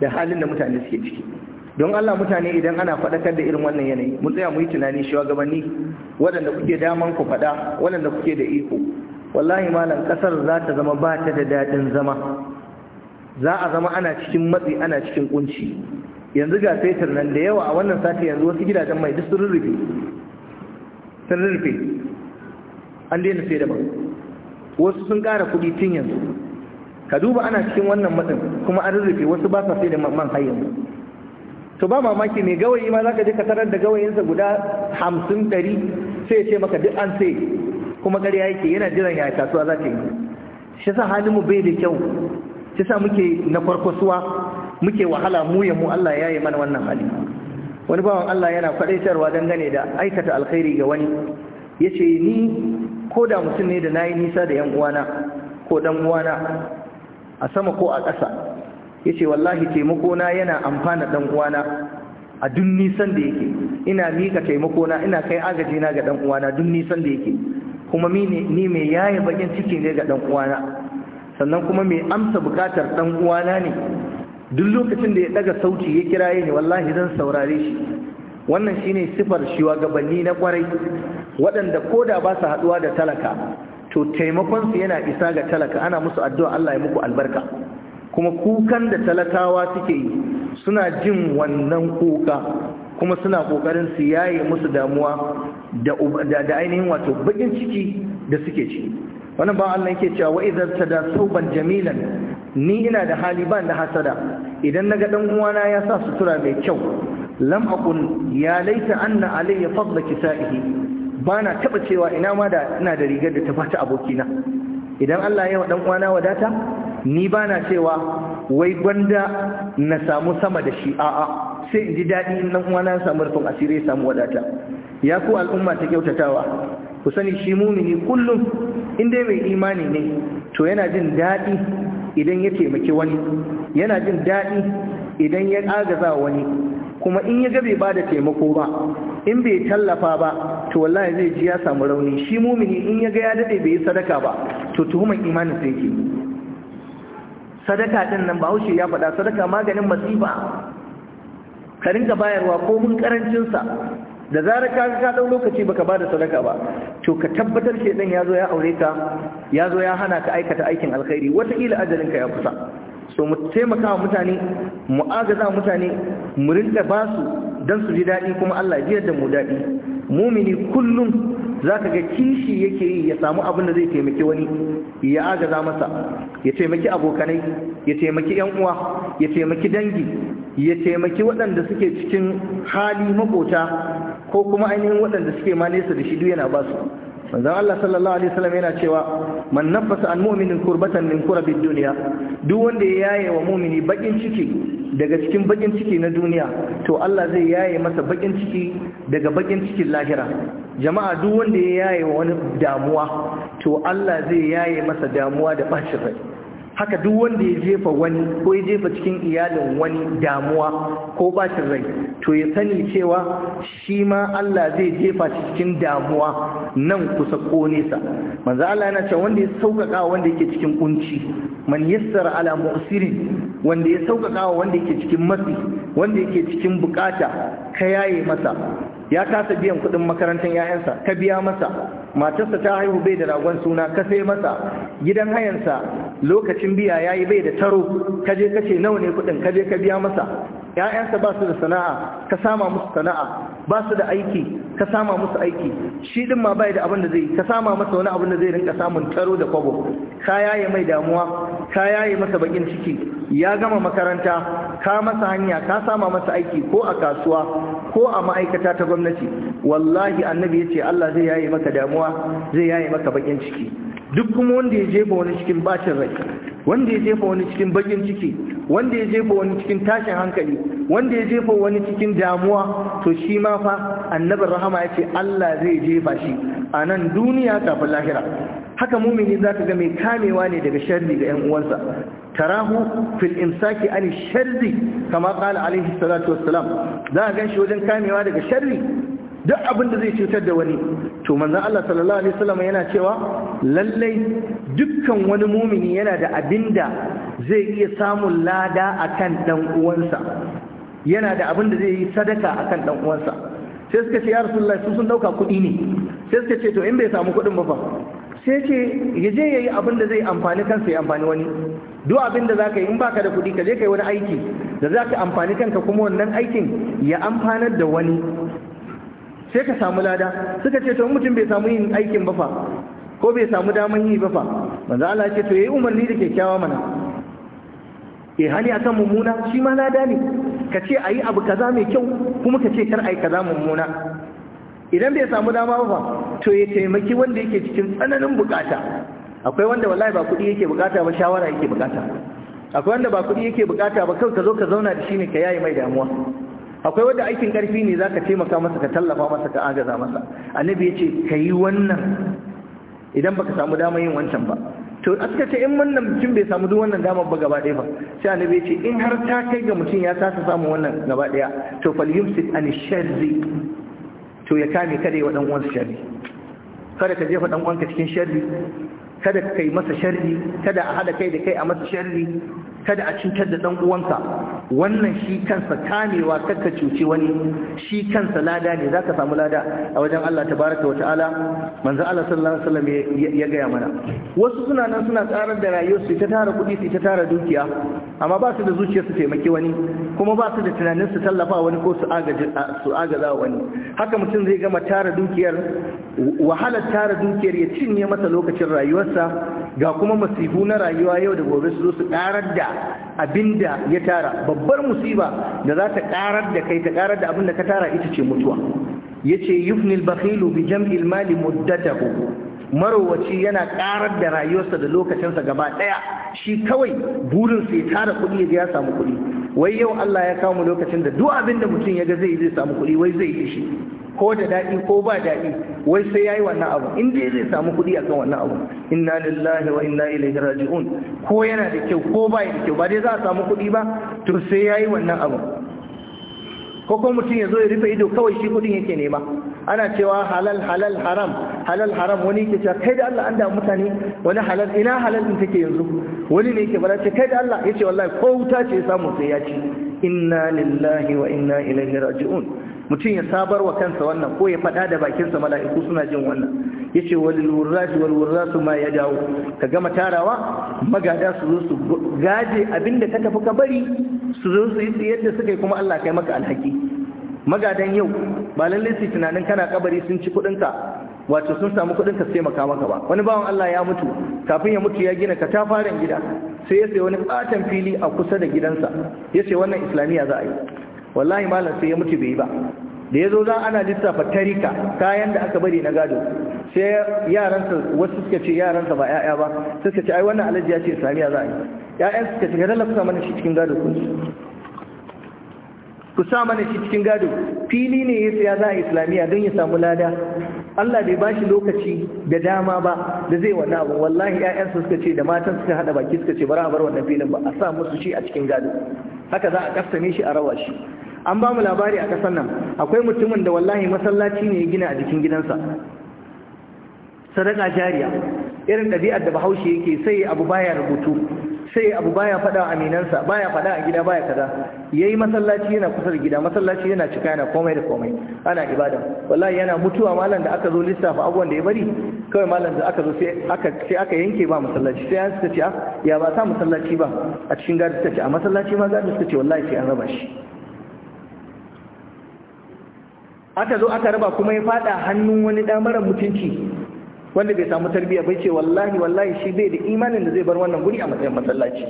da halin da mutane suke ciki don Allah mutane idan ana faɗakar da irin wannan yanayi mu tsaya mu yi tunani shugabanni waɗanda kuke daman ku faɗa waɗanda kuke da iko wallahi malam ƙasar za ta zama ba ta da daɗin zama za a zama ana cikin matsi ana cikin kunci yanzu ga fetur nan da yawa a wannan sati yanzu wasu gidajen mai duk sun rufe sun rufe an daina sai da wasu sun ƙara kuɗi tun yanzu ka duba ana cikin wannan matsin kuma an rufe wasu ba sa sai da man hayan to ba mamaki mai gawayi ma zaka je ka tarar da gawayinsa guda hamsin ɗari sai ya ce maka duk an sai kuma ƙarya yake yana jiran ya kasuwa za ta yi shi sa halin mu bai da kyau shi sa muke na suwa muke wahala mu ya mu Allah ya yi mana wannan hali wani bawan Allah yana kwadaitarwa dangane da aikata alkhairi ga wani ya ce ni ko da mutum ne da na yi nisa da yan uwana ko dan uwana a sama ko a ƙasa ya ce wallahi taimakona yana amfana dan uwana a dun nisan da yake ina mika taimakona ina kai agajina ga dan uwana duk nisan da yake kuma ni mai yaye bakin ciki ne ga dan uwana sannan kuma mai amsa bukatar ɗan uwana ne duk lokacin da ya ɗaga sauti ya kiraye ni wallahi zan saurare shi wannan shine sifar shugabanni na kwarai waɗanda koda ba su haɗuwa da talaka to taimakonsu yana isa ga talaka ana musu addu'a Allah ya muku albarka kuma kukan da talakawa suke yi suna jin wannan kuka kuma suna kokarin su yaye musu damuwa da ainihin wato bakin ciki da suke ciki wannan ba Allah yake cewa wa'izar ta da sauban jamilan ni ina da hali ban da hasada idan na ga dan uwana ya sa sutura mai kyau lam aqul ya laita anna alayya fadl kisaihi bana taba cewa ina ma da ina da rigar da ta fata abokina idan Allah ya wa dan uwana wadata ni bana cewa wai gwanda na samu sama da shi a'a sai in ji daɗi in dan uwana ya samu rufin asiri ya samu wadata ya ku al'umma ta kyautatawa ku sani shi mumini kullum inda mai imani ne to yana jin daɗi idan ya taimaki wani yana jin daɗi idan ya agaza wani kuma in ya gabe ba da taimako ba in bai tallafa ba to wallahi zai ji ya samu rauni shi mumini in ya ga ya daɗe bai yi sadaka ba to tuhumar imanin sai ke sadaka ɗin nan ba haushe ya faɗa sadaka maganin masifa ka rinka bayarwa ko mun karancinsa. da zarar ka ka dau lokaci baka da sadaka ba to ka tabbatar shi ya zo ya aure ka ya zo ya hana ka aikata aikin alkhairi Wata ila ajalin ka ya kusa so mu taimaka wa mutane mu agaza mutane mu rinda ba su dan su ji daɗi kuma Allah ya da mu daɗi mumini kullum zaka ga kishi yake yi ya samu abin da zai taimaki wani ya agaza masa ya taimaki abokanai ya taimaki yan uwa ya taimaki dangi ya taimaki waɗanda suke cikin hali makota ko kuma ainihin waɗanda suke ma nesa da shi duk yana ba su manzon Allah sallallahu alaihi wasallam yana cewa man nafasa an mu'minin kurbatan min kurabid dunya duk wanda ya yaye wa mu'mini bakin ciki daga cikin bakin ciki na duniya to Allah zai yaye masa bakin ciki daga bakin cikin lahira jama'a duk wanda ya yaye wa wani damuwa to Allah zai yaye masa damuwa da bacin rai haka duk wanda ya jefa wani ko ya jefa cikin iyalin wani damuwa ko bacin rai to ya sani cewa shi ma Allah zai jefa cikin damuwa nan kusa ko nesa manzo Allah yana cewa wanda ya sauƙaƙa wanda yake cikin kunci man yassara ala mu'sirin wanda ya sauƙaƙa wanda yake cikin matsi wanda yake cikin bukata ka yaye masa ya kasa biyan kuɗin makarantar 'ya'yansa ka biya masa matarsa ta haihu bai da ragon suna ka sai masa gidan hayansa lokacin biya ya yi bai da taro ka je ka ce nawa ne kuɗin ka je ka biya masa 'ya'yansa ba su da sana'a ka sama musu sana'a ba su da aiki ka sama musu aiki shi din ma bai da abin da zai ka sama masa wani abin da zai rinka samun taro da kwabo ka yaye mai damuwa ka yaye masa bakin ciki ya gama makaranta ka masa hanya ka sama masa aiki ko a kasuwa ko a ma'aikata ta gwamnati wallahi annabi ya ce Allah zai yaye maka damuwa zai yaye maka bakin ciki duk kuma wanda ya jefa wani cikin bacin rai wanda ya jefa wani cikin bakin ciki wanda ya jefa wani cikin tashin hankali wanda ya jefa wani cikin damuwa to shi ma fa annabar rahama ya ce Allah zai jefa shi a nan duniya kafin lahira haka mumini za ka ga mai kamewa ne daga sharri ga 'yan uwansa tarahu fil imsaki an sharri kama kala alaihi salatu wassalam za ka gan shi wajen kamewa daga sharri duk abin da zai cutar da wani to manzan Allah sallallahu alaihi wasallam yana cewa lallai dukkan wani mumini yana da abinda zai iya samun lada akan dan uwansa yana da abin da zai yi sadaka akan kan uwansa sai suka ce ya rasulullahi su sun dauka kuɗi ne sai suka ce to in bai samu kuɗin ba fa sai ce ya je ya yi abin da zai amfani kansa ya amfani wani duk abin da ka yi in baka da kuɗi ka je ka yi wani aiki da za ka amfani kanka kuma wannan aikin ya amfanar da wani sai ka samu lada suka ce to mutum bai samu yin aikin ba fa ko bai samu daman yi ba fa manzo Allah ya ce to yayi umarni da kyakkyawa mana eh hali akan mummuna shi ma lada ne ka ce a yi abu kaza mai kyau kuma ka ce kar a yi kaza mummuna idan bai samu dama ba to ya taimaki wanda yake cikin tsananin bukata akwai wanda wallahi ba kudi yake bukata ba shawara yake bukata akwai wanda ba kuɗi yake bukata ba kawai ka zo ka zauna da shi ne ka yayi mai damuwa akwai wanda aikin karfi ne zaka taimaka masa ka tallafa masa ka agaza masa annabi ka yi wannan idan baka samu dama yin wancan ba to a ce in wannan mutum bai samu duk wannan damar ba gaba ɗaya ba sai annabi ce in har ta kai ga mutum ya saka samu wannan gaba ɗaya to fal yumsik an sharri to ya kame kada ya dan uwansa sharri kada ka jefa dan uwanka cikin sharri kada ka kai masa sharri kada a hada kai da kai a masa sharri kada a cutar da dan uwanka wannan shi kansa kamewa kakka cuci wani shi kansa lada ne zaka samu lada a wajen Allah Ta wa ta'ala manzo Allah sallallahu alaihi wasallam ya gaya mana wasu suna nan suna tsarar da rayuwar su ta tara kuɗi su ta tara dukiya amma ba su da zuciyar su taimaki wani kuma ba su da tunanin su tallafa wani ko su agaji su agaza wani haka mutum zai gama tara dukiyar wahalar tara dukiyar ya cinye masa lokacin rayuwarsa ga kuma masifu na rayuwa yau da gobe su zo su karar da abinda ya tara babbar musiba da za ta karar da kai ta karar da abin da ka tara ita ce mutuwa yace yufnil bakhilu bi jam'il mali muddatahu marowaci yana karar da rayuwarsa da lokacinsa gaba daya shi kawai burin sai tara kuɗi ya samu kuɗi wai yau Allah ya kawo lokacin da duk abin da mutum ya ga zai zai samu kuɗi wai zai yi shi ko da daɗi ko ba daɗi wai sai yayi wannan abu in dai zai samu kuɗi akan wannan abu inna lillahi wa inna ilaihi raji'un ko yana da kyau ko ba da kyau ba dai za a samu kuɗi ba to sai yayi wannan abu ko kuma mutum ya zo ya rufe ido kawai shi kuɗin yake nema ana cewa halal halal haram halal haram wani ke cewa kai da Allah an da mutane wani halal ina halal din take yanzu wani ne yake bara ce kai da Allah yace wallahi ko wuta ce samu sai ya ci inna lillahi wa inna ilaihi raji'un mutum ya sabar wa kansa wannan ko ya faɗa da bakinsa mala'iku suna jin wannan yace ce wani wal wani ma ya dawo ka gama tarawa magada su zo su gaje abinda ka tafi ka bari su zo su yi yadda suka yi kuma Allah kai maka alhaki magadan yau ba lalle su tunanin kana kabari sun ci kudinka wato sun samu kudin ka taimaka maka ba wani bawan Allah ya mutu kafin ya mutu ya gina katafaren gida sai ya sayi wani katon fili a kusa da gidansa ya ce wannan islamiya za a yi wallahi malam sai ya mutu bai yi ba da ya zo za ana lissafa tarika kayan da aka bari na gado sai yaransa wasu suka ce yaransa ba 'ya'ya ba suka ce ai wannan alhaji ya ce islamiya za a yi 'ya'yan suka ce dalla kusa mana shi cikin gado kun ku sa mana shi cikin gado fili ne ya tsaya za a islamiyya don ya samu lada Allah bai ba shi lokaci da dama ba da zai wani abu wallahi 'ya'yansu suka ce da matan suka hada baki suka ce bara a bar wannan filin ba a sa musu shi a cikin gado haka za a kastame shi a rawa shi an ba mu labari a ƙasar nan akwai mutumin da wallahi masallaci ne ya gina a jikin gidansa sadaka jariya irin ɗabi'ar da bahaushe yake sai abu baya rubutu sai abu baya faɗa aminansa baya faɗa a gida baya kaza yayi masallaci yana kusa da gida masallaci yana cika yana komai da komai ana ibada wallahi yana mutuwa malam da aka zo lissafa abubuwan da ya bari kawai malam da aka zo sai aka sai aka yanke ba masallaci sai an suka ce ah, ya ba sa masallaci ba a cikin gadi suka ce a masallaci ma gadi suka ce wallahi sai an raba shi aka zo aka raba kuma ya faɗa hannun wani ɗan mutunci wanda bai samu tarbiyya bai ce wallahi wallahi shi bai da imanin da zai bar wannan guri a matsayin masallaci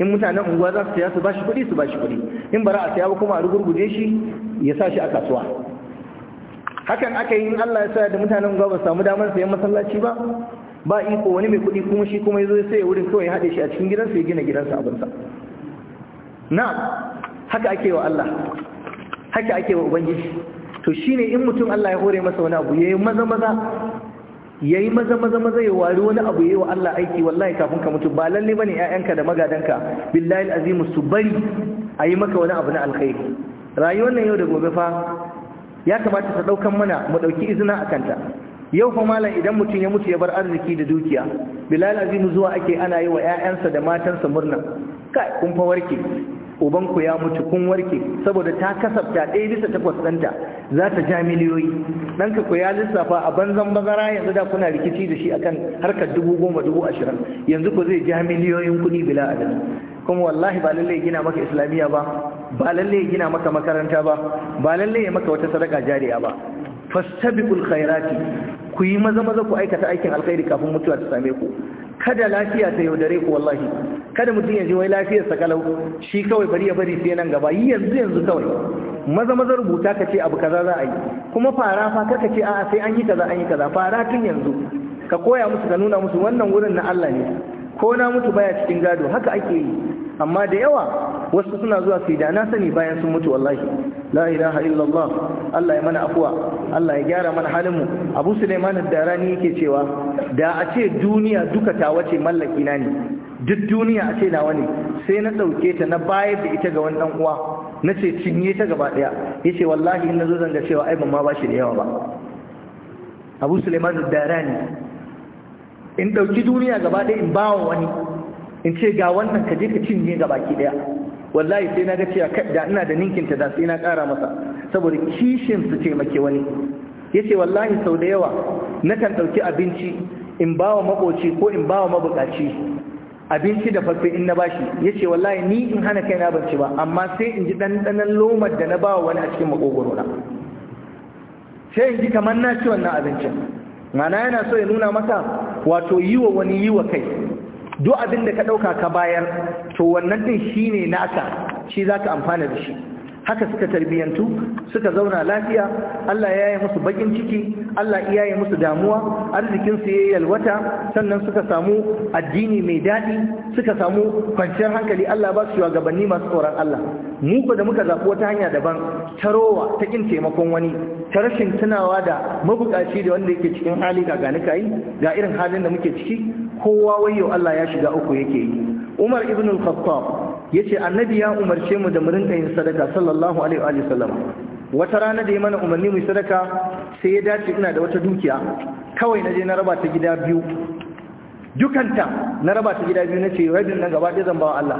in mutanen unguwa za su saya su bashi kuɗi su bashi kuɗi in bara a saya ba kuma a rugurguje shi ya sa shi a kasuwa hakan aka yi in Allah ya sa da mutanen unguwa ba su samu damar sayan masallaci ba ba iko wani mai kuɗi kuma shi kuma ya zo ya saya wurin kawai ya haɗe shi a cikin gidansa ya gina gidansa abinsa na haka ake wa Allah haka ake wa Ubangiji to shine in mutum Allah ya hore masa wani abu yayi maza maza yayi maza maza maza ya wari wani abu yi wa Allah aiki wallahi kafin ka mutu ba lalle bane ƴaƴanka da magadanka billahi alazim su bari ayi maka wani abu na alkhairi rayuwar nan yau da gobe fa ya kamata ta daukan mana mu dauki izina akan ta yau fa malam idan mutum ya mutu ya bar arziki da dukiya bilal azim zuwa ake ana yi wa ƴaƴansa da matansa murna kai kun fa warke ubanku ya mutu kun warke saboda ta kasafta ɗaya bisa takwas ɗanta za ta ja miliyoyi ɗanka ku ya lissafa a banzan bazara yanzu da kuna rikici da shi akan harkar dubu goma dubu ashirin yanzu ku zai ja miliyoyin kuɗi bila adadi kuma wallahi ba lallai gina maka islamiyya ba ba lallai gina maka makaranta ba ba lallai ya maka wata sadaka jariya ba fastabiqul khairati ku yi maza maza ku aikata aikin alkhairi kafin mutuwa ta same ku kada lafiya ta yaudare ku wallahi kada mutum ya ji wai lafiyar sa kalau shi kawai bari ya bari sai nan gaba yi yanzu yanzu kawai maza maza rubuta ka ce abu kaza za a yi kuma fara fa ka ce a'a sai an yi kaza an yi kaza fara tun yanzu ka koya musu ka nuna musu wannan wurin na Allah ne ko na mutu baya cikin gado haka ake yi amma da yawa wasu suna zuwa su da na sani bayan sun mutu wallahi la ilaha illallah Allah ya mana afuwa Allah ya gyara mana halin mu Abu Sulaiman ad-Darani yake cewa da a ce duniya duka ta wace mallaki na ne duk duniya a ce na wani sai na dauke ta na bayar da ita ga wani dan uwa na ce cinye ta gaba daya yace wallahi in nazo zanga cewa ai ban ma bashi da yawa ba Abu Sulaiman ad-Darani in dauki duniya gaba daya in bawa wani in ce ga wannan ka je ka cinye ga baki daya wallahi sai na ga cewa da ina da ninkinta da sai na kara masa saboda kishin su ce make wani yace wallahi sau da yawa na kan ɗauki abinci in ba wa makoci ko in ba wa mabukaci abinci da farfe in na bashi yace wallahi ni in hana na ban ci ba amma sai in ji ɗanɗanon lomar da na bawa wani a cikin makogoro na sai in ji kamar na ci wannan abincin mana yana so ya nuna maka wato yi wa wani yi wa kai duk abin da ka ɗauka ka bayar to wannan din shi ne naka shi za amfana da shi haka suka tarbiyantu suka zauna lafiya Allah ya yi musu bakin ciki Allah ya yi musu damuwa arzikin su yayi alwata sannan suka samu addini mai dadi suka samu kwanciyar hankali Allah ba su shugabanni masu tsoron Allah mu ko da muka zabi wata hanya daban tarowa ta kin taimakon wani ta rashin tunawa da mabukaci da wanda yake cikin hali ga gani kai ga irin halin da muke ciki kowa wayo Allah ya shiga uku yake yi Umar ibn al-Khattab Ya ce, annabi ya umarce mu da mu rinka yin sadaka sallallahu alaihi wa sallam wata rana da ya mana umarni mu sadaka sai ya dace ina da wata dukiya kawai na je na raba ta gida biyu dukanta na raba ta gida biyu na ce rabin nan gaba ɗaya zan bawa Allah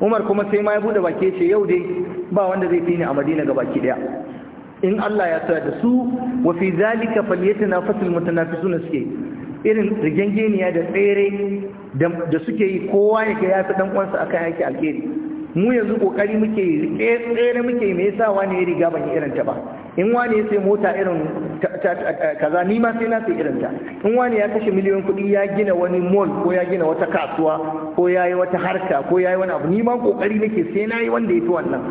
Umar kuma sai ma ya bude baki ce yau dai ba wanda zai fi ni a Madina gaba ki daya in Allah ya sa da su wa fi zalika falyatanafasul mutanafisuna suke irin rigengeniya da tsere da suke yi kowa ya ga ya fi dan uwansa akan yake alheri mu yanzu ƙoƙari muke yi eh, tsere muke yi mai yasa wani ya riga ban yi irin ta ba in wani ya sai mota irin kaza ni ma sai na sai irin ta in wani ya kashe miliyon kuɗi ya gina wani mall ko ya gina wata kasuwa ko ya yi wata harka ko ya yi wani abu ni ma kokari nake sai na yi wanda ya fi wannan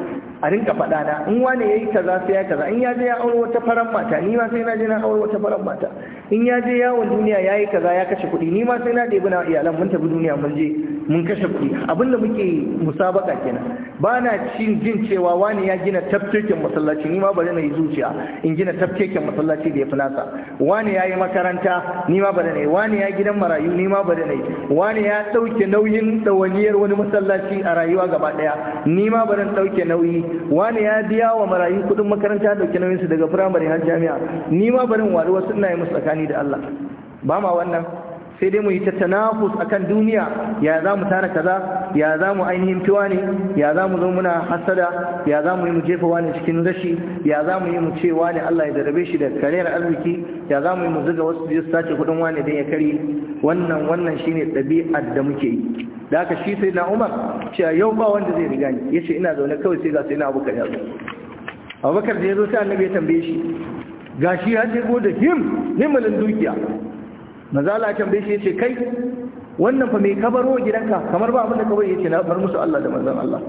a rinka faɗa na in wane yayi kaza sai ya kaza in ya je ya aure wata faran mata ni ma sai na je na aure wata faran mata in ya je yawon duniya ya yi kaza ya kashe kuɗi ni ma sai na ɗebi na iyalan mun tafi duniya mun je mun kashe kuɗi abinda muke musabaka kenan ba na cin jin cewa wani ya gina tafkeken masallaci ni ma bari na yi zuciya in gina tafkeken masallaci da ya fi nasa wani ya yi makaranta ni ma bari na yi wani ya gidan marayu ni ma bari na yi wani ya ɗauke nauyin ɗawaniyar wani masallaci a rayuwa gaba ɗaya ni ma bari na ɗauke nauyi wani ya biya wa marayu kudin makaranta dauki nauyinsu daga firamare har jami'a ni ma barin wadu wasu ina yi musu tsakani da Allah ba ma wannan sai dai mu yi tattanafus a kan duniya ya za mu tara kaza ya za mu ainihin fiwa ne ya za mu zo muna hasada ya za mu yi mu jefa wani cikin rashi ya za mu yi mu ce wani Allah ya darabe shi da kariyar arziki ya za mu yi mu zuga wasu biyu sace kudin wani dan ya kari wannan wannan shine ɗabi'ar da muke yi da aka shi sai na umar a yau ba wanda zai riga ni ya ce ina zaune kawai sai ga sai na abokan ya zo abubakar da ya zo sai annabi ya tambaye shi ga shi ya ce da him himalin dukiya maza Allah ya tambaye shi ya ce kai wannan fa mai kabaro gidanka kamar ba abinda kawai ya ce na bar musu Allah da manzan Allah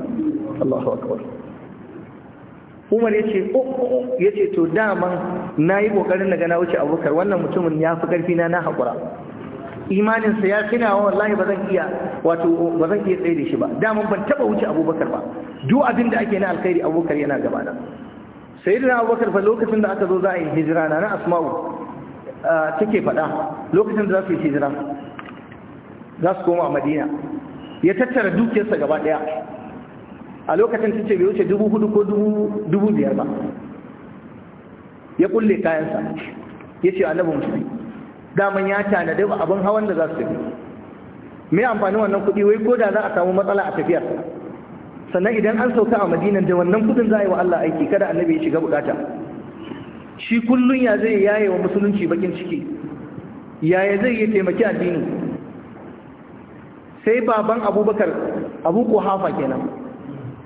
Allahu akbar Umar ya ce o oh, oh, oh. ya ce to daman na yi kokarin na gana wuce abokar. wannan mutumin ya fi karfi na na haƙura imaninsa ya tsina wa wallahi ba zan iya wato ba zan iya tsaye da shi ba daman ban taba wuce abubakar ba duk abin da ake na alkhairi abubakar yana gaba na sayyidina abubakar fa lokacin da aka zo za a yi hijira na asma'u take faɗa lokacin da za su yi hijira za su koma madina ya tattara dukiyarsa gaba ɗaya a lokacin tace bai wuce dubu hudu ko dubu biyar ba ya kulle kayansa ya ce annabin musulmi daman ya tanadi abin hawan da za su yi. mai amfani wannan kuɗi wai ko da za a samu matsala a tafiyar sannan idan an sauka a madinan da wannan kuɗin za a yi wa Allah aiki kada annabi ya shiga bukata shi kullun ya zai yaye wa musulunci bakin ciki yaya zai yi taimaki addini sai baban abubakar abu hafa kenan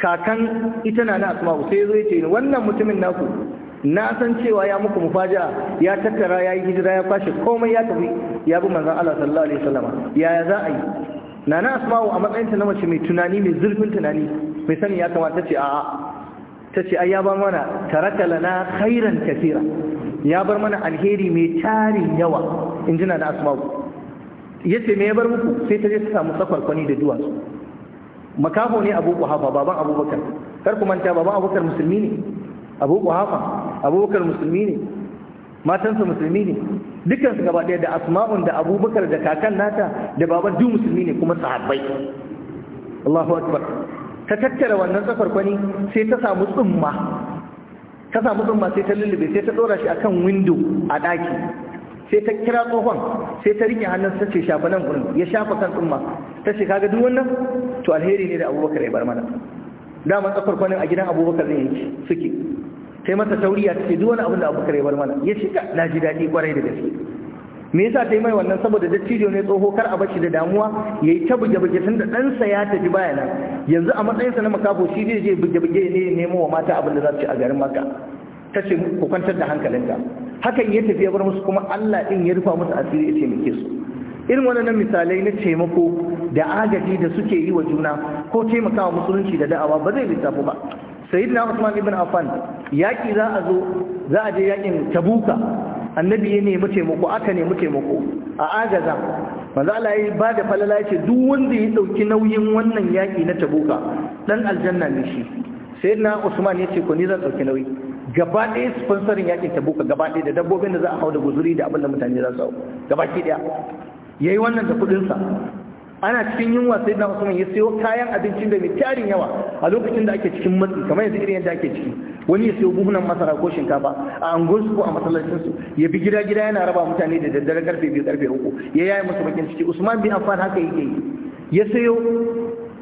kakan ita na na asma'u sai zai ce wannan mutumin naku na san cewa ya muku mufaja ya tattara ya yi hijira ya kwashe komai ya tafi ya bi manzon Allah sallallahu alaihi wasallama yaya za a yi nana asma'u a matsayin ta na mace mai tunani mai zurfin tunani mai sani ya kamata ce a'a ta ce ai ya bar mana taraka lana khairan kathira ya bar mana alheri mai tarin yawa in jina da asma'u yace me ya bar muku sai ta je ta samu safarkwani da duwatsu Makaho ne abu kuhafa baban abubakar kar ku manta baban abubakar musulmi ne abu kuhafa abubakar musulmi ne matansa musulmi ne dukansu gaba ɗaya da asma'un da abubakar da kakan nata da baban duk musulmi ne kuma sahabbai Allahu akbar ta tattara wannan tsakar kwani sai ta samu tsumma ta samu tsumma sai ta lullube sai ta dora shi akan window a daki sai ta kira tsohon sai ta rike hannun ta ce shafa nan gurin ya shafa kan tsumma ta ce kaga duk wannan to alheri ne da abubakar ya bar mana dama tsakar kwanin a gidan abubakar ne yake suke sai masa tauriya ta ce duk wani abin da abubakar ya bar mana ya shiga na ji daɗi kwarai da gaske me yasa ta yi mai wannan saboda dattijo ne tsoho kar a bashi da damuwa ya yi ta buge-buge tun da ɗansa ya tafi baya nan yanzu a matsayinsa na makafo shi zai je buge-buge ne ya nemo wa mata abin da za su ci a garin maka ta ce ku kwantar da hankalinka hakan ya tafi ya bar musu kuma Allah ɗin ya rufa musu asiri ya taimake su irin nan misalai na taimako da agaji da suke yi wa juna ko taimakawa musulunci da da'awa ba zai lissafu ba sayyidina Usman ibn Affan yaki za a zo za a je yakin Tabuka annabi ya nemi taimako aka nemi taimako a agaza manzo Allah ya ba da falala ya ce duk wanda ya dauki nauyin wannan yaki na Tabuka dan aljanna ne shi sayyidina Usman ya ce ko ni zan dauki nauyi gaba ɗaya sponsorin yakin Tabuka gaba ɗaya da dabbobin da za a hau da guzuri da abin da mutane za su hau gaba ki yayi wannan da kudin sa ana cikin yunwa sai na usman ya sayo kayan abincin da mai tarin yawa a lokacin da ake cikin matsi kamar yanzu irin yadda ake ciki wani ya siyo buhunan masara ko shinkafa a angonsu ko a masallacinsu ya bi gida gida yana raba mutane da daddare karfe biyu karfe uku ya yaya musu bakin ciki usman bin affan haka yake yi ya sayo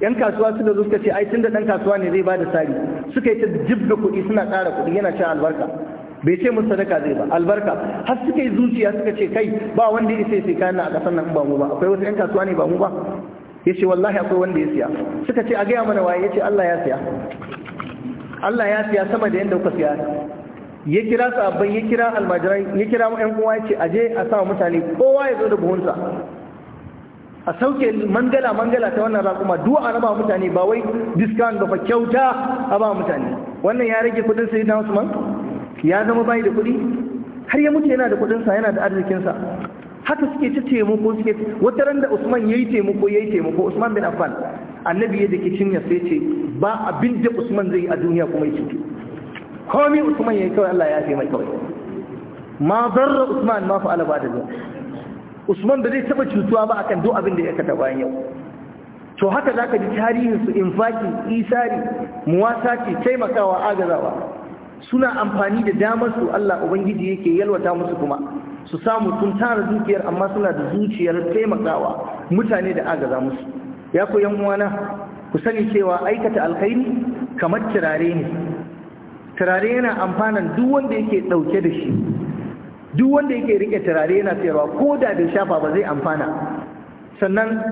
yan kasuwa su da suka ce ai tunda dan kasuwa ne zai bada sari suka yi ta jibga kuɗi suna ƙara kuɗi yana cin albarka bai ce musu sadaka zai ba albarka har suka yi zuciya suka ce kai ba wanda ya sai kayan na a kasan nan ba mu ba akwai wasu 'yan kasuwa ne ba mu ba ya ce wallahi akwai wanda ya siya suka ce a gaya mana waye ya ce Allah ya siya Allah ya siya sama da yadda kuka siya ya kira sabon ya kira almajirai ya kira yan kowa ya ce aje a sa mutane kowa ya zo da buhunsa a sauke mangala mangala ta wannan raƙuma duk a raba mutane ba wai discount ba kyauta a ba mutane wannan ya rage kudin sai na Usman ya zama bai da kuɗi har ya mutu yana da kuɗinsa yana da arzikinsa haka suke ta taimako suke wata ran da Usman yayi taimako yayi taimako Usman bin Affan annabi ya dake cinya sai ce ba abin da Usman zai yi a duniya kuma ya cutu komai Usman yayi kawai Allah ya yafe mai kawai ma darra Usman ma fa'ala ba da zai Usman da zai taba cutuwa ba akan duk abin da ya kata bayan yau to haka zaka ji tarihin su infaki isari muwasaki taimakawa agazawa suna amfani da damar su Allah ubangiji yake yalwata musu kuma su samu tun tara dukiyar amma suna da zuciyar taimakawa mutane da agaza musu ya ku yan uwana ku sani cewa aikata alkhairi kamar turare ne turare yana amfanan duk wanda yake dauke da shi duk wanda yake rike turare yana sayarwa ko da da shafa ba zai amfana sannan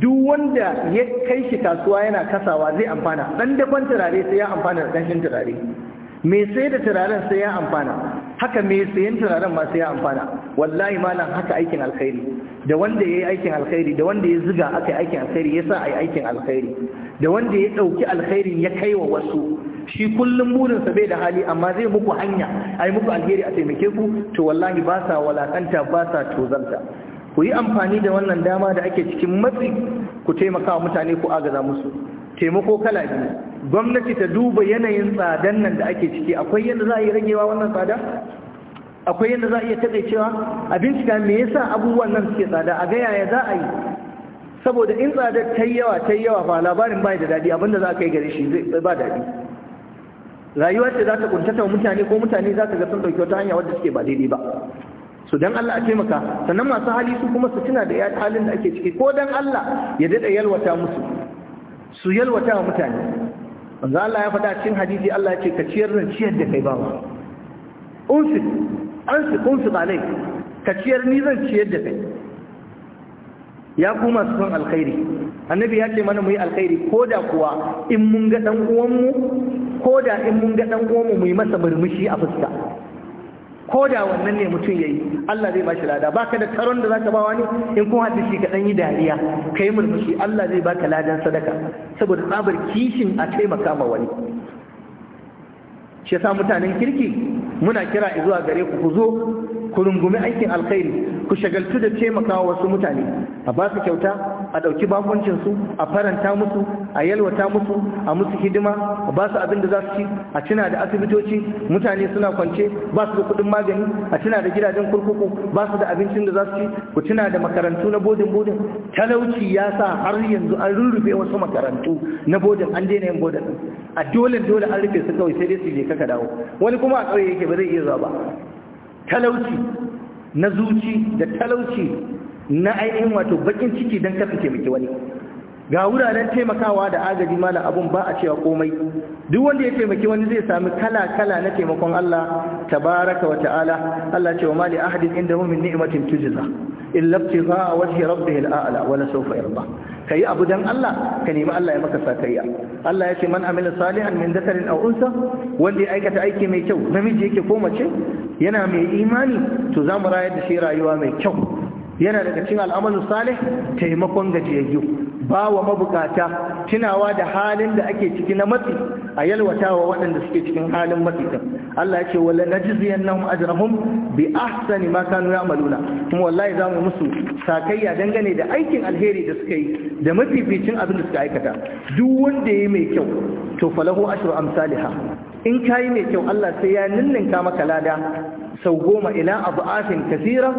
duk wanda ya kai shi kasuwa yana kasawa zai amfana dan daban turare sai ya amfana da kanshin turare mai sai da turaren sai ya amfana haka mai sayan turaren ma sai ya amfana wallahi malam haka aikin alkhairi da wanda ya yi aikin alkhairi da wanda ya ziga aka yi aikin alkhairi ya sa a yi aikin alkhairi da wanda ya ɗauki alkhairin ya kai wa wasu shi kullum burinsa bai da hali amma zai muku hanya ai yi muku alheri a taimake ku to wallahi ba sa walakanta ba sa tozanta ku yi amfani da wannan dama da ake cikin matsi ku taimaka mutane ku agaza musu taimako kala biyu gwamnati ta duba yanayin tsadan nan da ake ciki akwai yadda za a yi ragewa wannan tsada akwai yadda za a iya taƙaicewa a bincika me yasa abubuwan nan suke tsada a ga yaya za a yi saboda in tsadar ta yi yawa ta yi yawa ba labarin bai da daɗi abinda za ka kai gare shi zai ba daɗi rayuwar ce za ta kuntata wa mutane ko mutane za ka ga sun ɗauki wata hanya wadda suke ba daidai ba su dan Allah a taimaka sannan masu hali su kuma su tuna da ya halin da ake ciki ko dan Allah ya daɗa yalwata musu su yalwata wa mutane manzo Allah ya faɗa cikin hadisi Allah ya ce ka ciyar da ciyar da kai bawa unsi ansi unsi alai ka ciyar ni zan ciyar da kai ya kuma son alkhairi annabi ya ce mana mu yi alkhairi ko da kuwa in mun ga dan ko da in mun ga dan mu yi masa murmushi a fuska ko da wannan ne mutum ya yi, Allah zai ba shi lada baka da taron da za ka ba wani in kun hadisi shi ka yi dariya kai murmushi Allah zai baka ladan sadaka saboda tsabar kishin a taimaka ma wani shi sa mutanen kirki muna kira zuwa gare ku ku zo ku rungumi aikin alkhairi ku shagaltu da taimakawa wasu mutane a ba su kyauta a ɗauki bakuncin a faranta musu a yalwata musu a musu hidima a ba su abin da za su ci a tuna da asibitoci mutane suna kwance ba su da kuɗin magani a tuna da gidajen kurkuku ba su da abincin da za su ci ku tuna da makarantu na bodin bodin talauci ya sa har yanzu an rurrufe wasu makarantu na bodin an daina yin bodin a dole dole an rufe su kawai sai dai su je kaka dawo wani kuma a ƙauye yake ba zai iya zuwa ba talauci na zuci da talauci na ainihin wato bakin ciki don kasance mai wani ga wuraren taimakawa da agaji mala abun ba a cewa komai duk wanda ya taimaki wani zai sami kala-kala na taimakon Allah tabaraka wa ta'ala Allah ce wa mali ahadin inda min ni'matin tujza illa ibtigha wajhi rabbih al'ala wa la sawfa yarda kai abu dan Allah ka nemi Allah ya maka sakayya Allah ya ce man amila salihan min dhakarin aw unsa wanda ya aikata aiki mai kyau namiji yake ko mace yana mai imani to zamu rayar da shi rayuwa mai kyau yana daga cikin al'amalu salih taimakon gajiyayyu ba wa mabukata tunawa da halin da ake ciki na matsi a yalwata wa waɗanda suke cikin halin matsi ɗin Allah ya ce wala najziyannahum ajrahum bi ahsani ma kanu ya'maluna kuma wallahi za mu musu sakayya dangane da aikin alheri da suka yi da mafificin abin da suka aikata duk wanda ya yi mai kyau to falahu ashru amsalha in ka yi mai kyau Allah sai ya ninninka maka lada sau goma ila abu afin kasira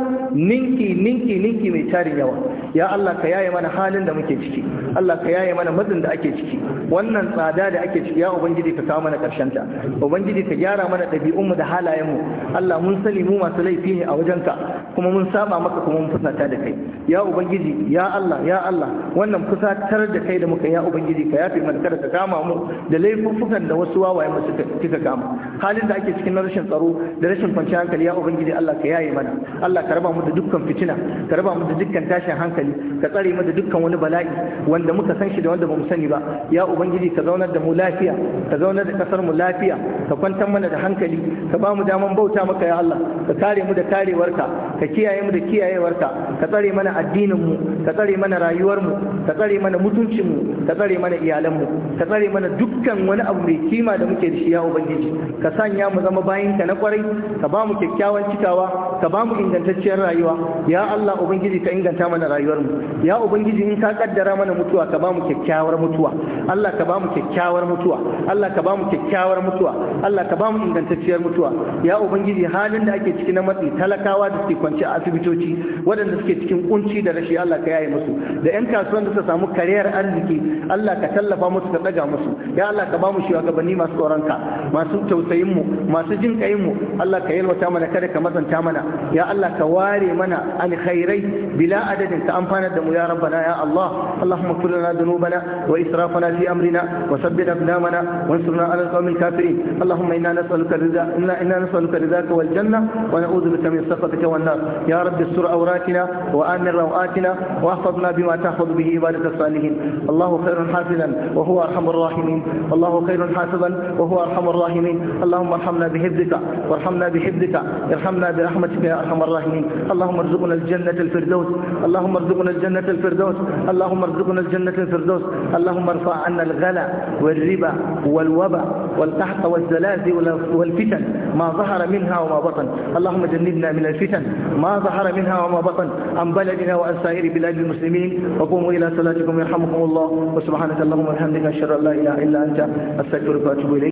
ninki ninki ninki mai tarin yawa ya Allah ka yaye mana halin da muke ciki Allah ka yaye mana matsin da ake ciki wannan tsada da ake ciki ya ubangiji ka kawo mana karshen ta ubangiji ka gyara mana ɗabi'unmu da halayenmu Allah mun sani mu masu laifi ne a wajenka kuma mun saba maka kuma mun fusata da kai ya ubangiji ya Allah ya Allah wannan fusatar da kai da muka ya ubangiji ka yafe mana kada ka kama mu da laifuffukan da wasu wawaye mu suka kika kama halin da ake cikin na rashin tsaro da rashin kwanciyar hankali ya ubangiji Allah ka yaye mana Allah ka raba mu da dukkan fitina ka raba mu da dukkan tashin hankali ka tsare mu da dukkan wani bala'i wanda muka san shi da wanda bamu sani ba ya ubangiji ka zaunar da mu lafiya ka zaunar da kasar mu lafiya ka kwantar mana da hankali ka ba mu daman bauta maka ya Allah ka kare mu da karewarka ka kiyaye mu da kiyayewarka ka tsare mana addinin mu ka tsare mana rayuwarmu ka tsare mana mutuncin mu ka tsare mana iyalan mu ka tsare mana dukkan wani abu mai kima da muke da shi ya ubangiji ka sanya mu zama ka na kwarai ka ba mu kyakkyawan cikawa ka ba mu ingantacciyar rayuwa ya Allah ubangiji ka inganta mana rayuwarmu ya ubangiji in ka kaddara mana mutuwa ka ba mu kyakkyawar mutuwa Allah ka ba mu kyakkyawar mutuwa Allah ka ba mu kyakkyawar mutuwa Allah ka ba mu ingantacciyar mutuwa ya ubangiji halin da ake ciki na matsi talakawa da suke kwanci a asibitoci waɗanda suke cikin kunci da rashi Allah ka yayi musu da yan kasuwan da suka samu kariyar arziki Allah ka tallafa musu ka daga musu ya Allah ka ba mu shugabanni masu tsoronka masu tausayin mu masu jin kayin mu Allah ka yalwata mana kada ka mazanta mana ya Allah ka ware mana alkhairai bila adadin ka amfanar da mu ya rabbana ya Allah Allahumma kullu lana dhunubana wa israfana fi amrina wa sabbit aqdamana وانصرنا على القوم الكافرين اللهم إنا نسألك رضا إنا, إنا نسألك رضاك والجنة ونعوذ بك من سخطك والنار يا رب استر عوراتنا وآمن روآتنا واحفظنا بما تأخذ به عبادة الصالحين الله خير حافظا وهو أرحم الراحمين الله خير حافظا وهو أرحم الراحمين اللهم ارحمنا بحفظك وارحمنا بحفظك ارحمنا برحمتك يا أرحم الراحمين اللهم ارزقنا الجنة الفردوس اللهم ارزقنا الجنة الفردوس اللهم ارزقنا الجنة الفردوس اللهم ارفع عنا الغلا والربا والوبا والقحط والزلازل والفتن ما ظهر منها وما بطن اللهم جنبنا من الفتن ما ظهر منها وما بطن عن بلدنا وعن سائر بلادنا بلاد المسلمين وقوموا إلى صلاتكم يرحمكم الله وسبحانك اللهم وبحمدك أشهد أن لا إله إلا أنت أستغفرك وأتوب إليك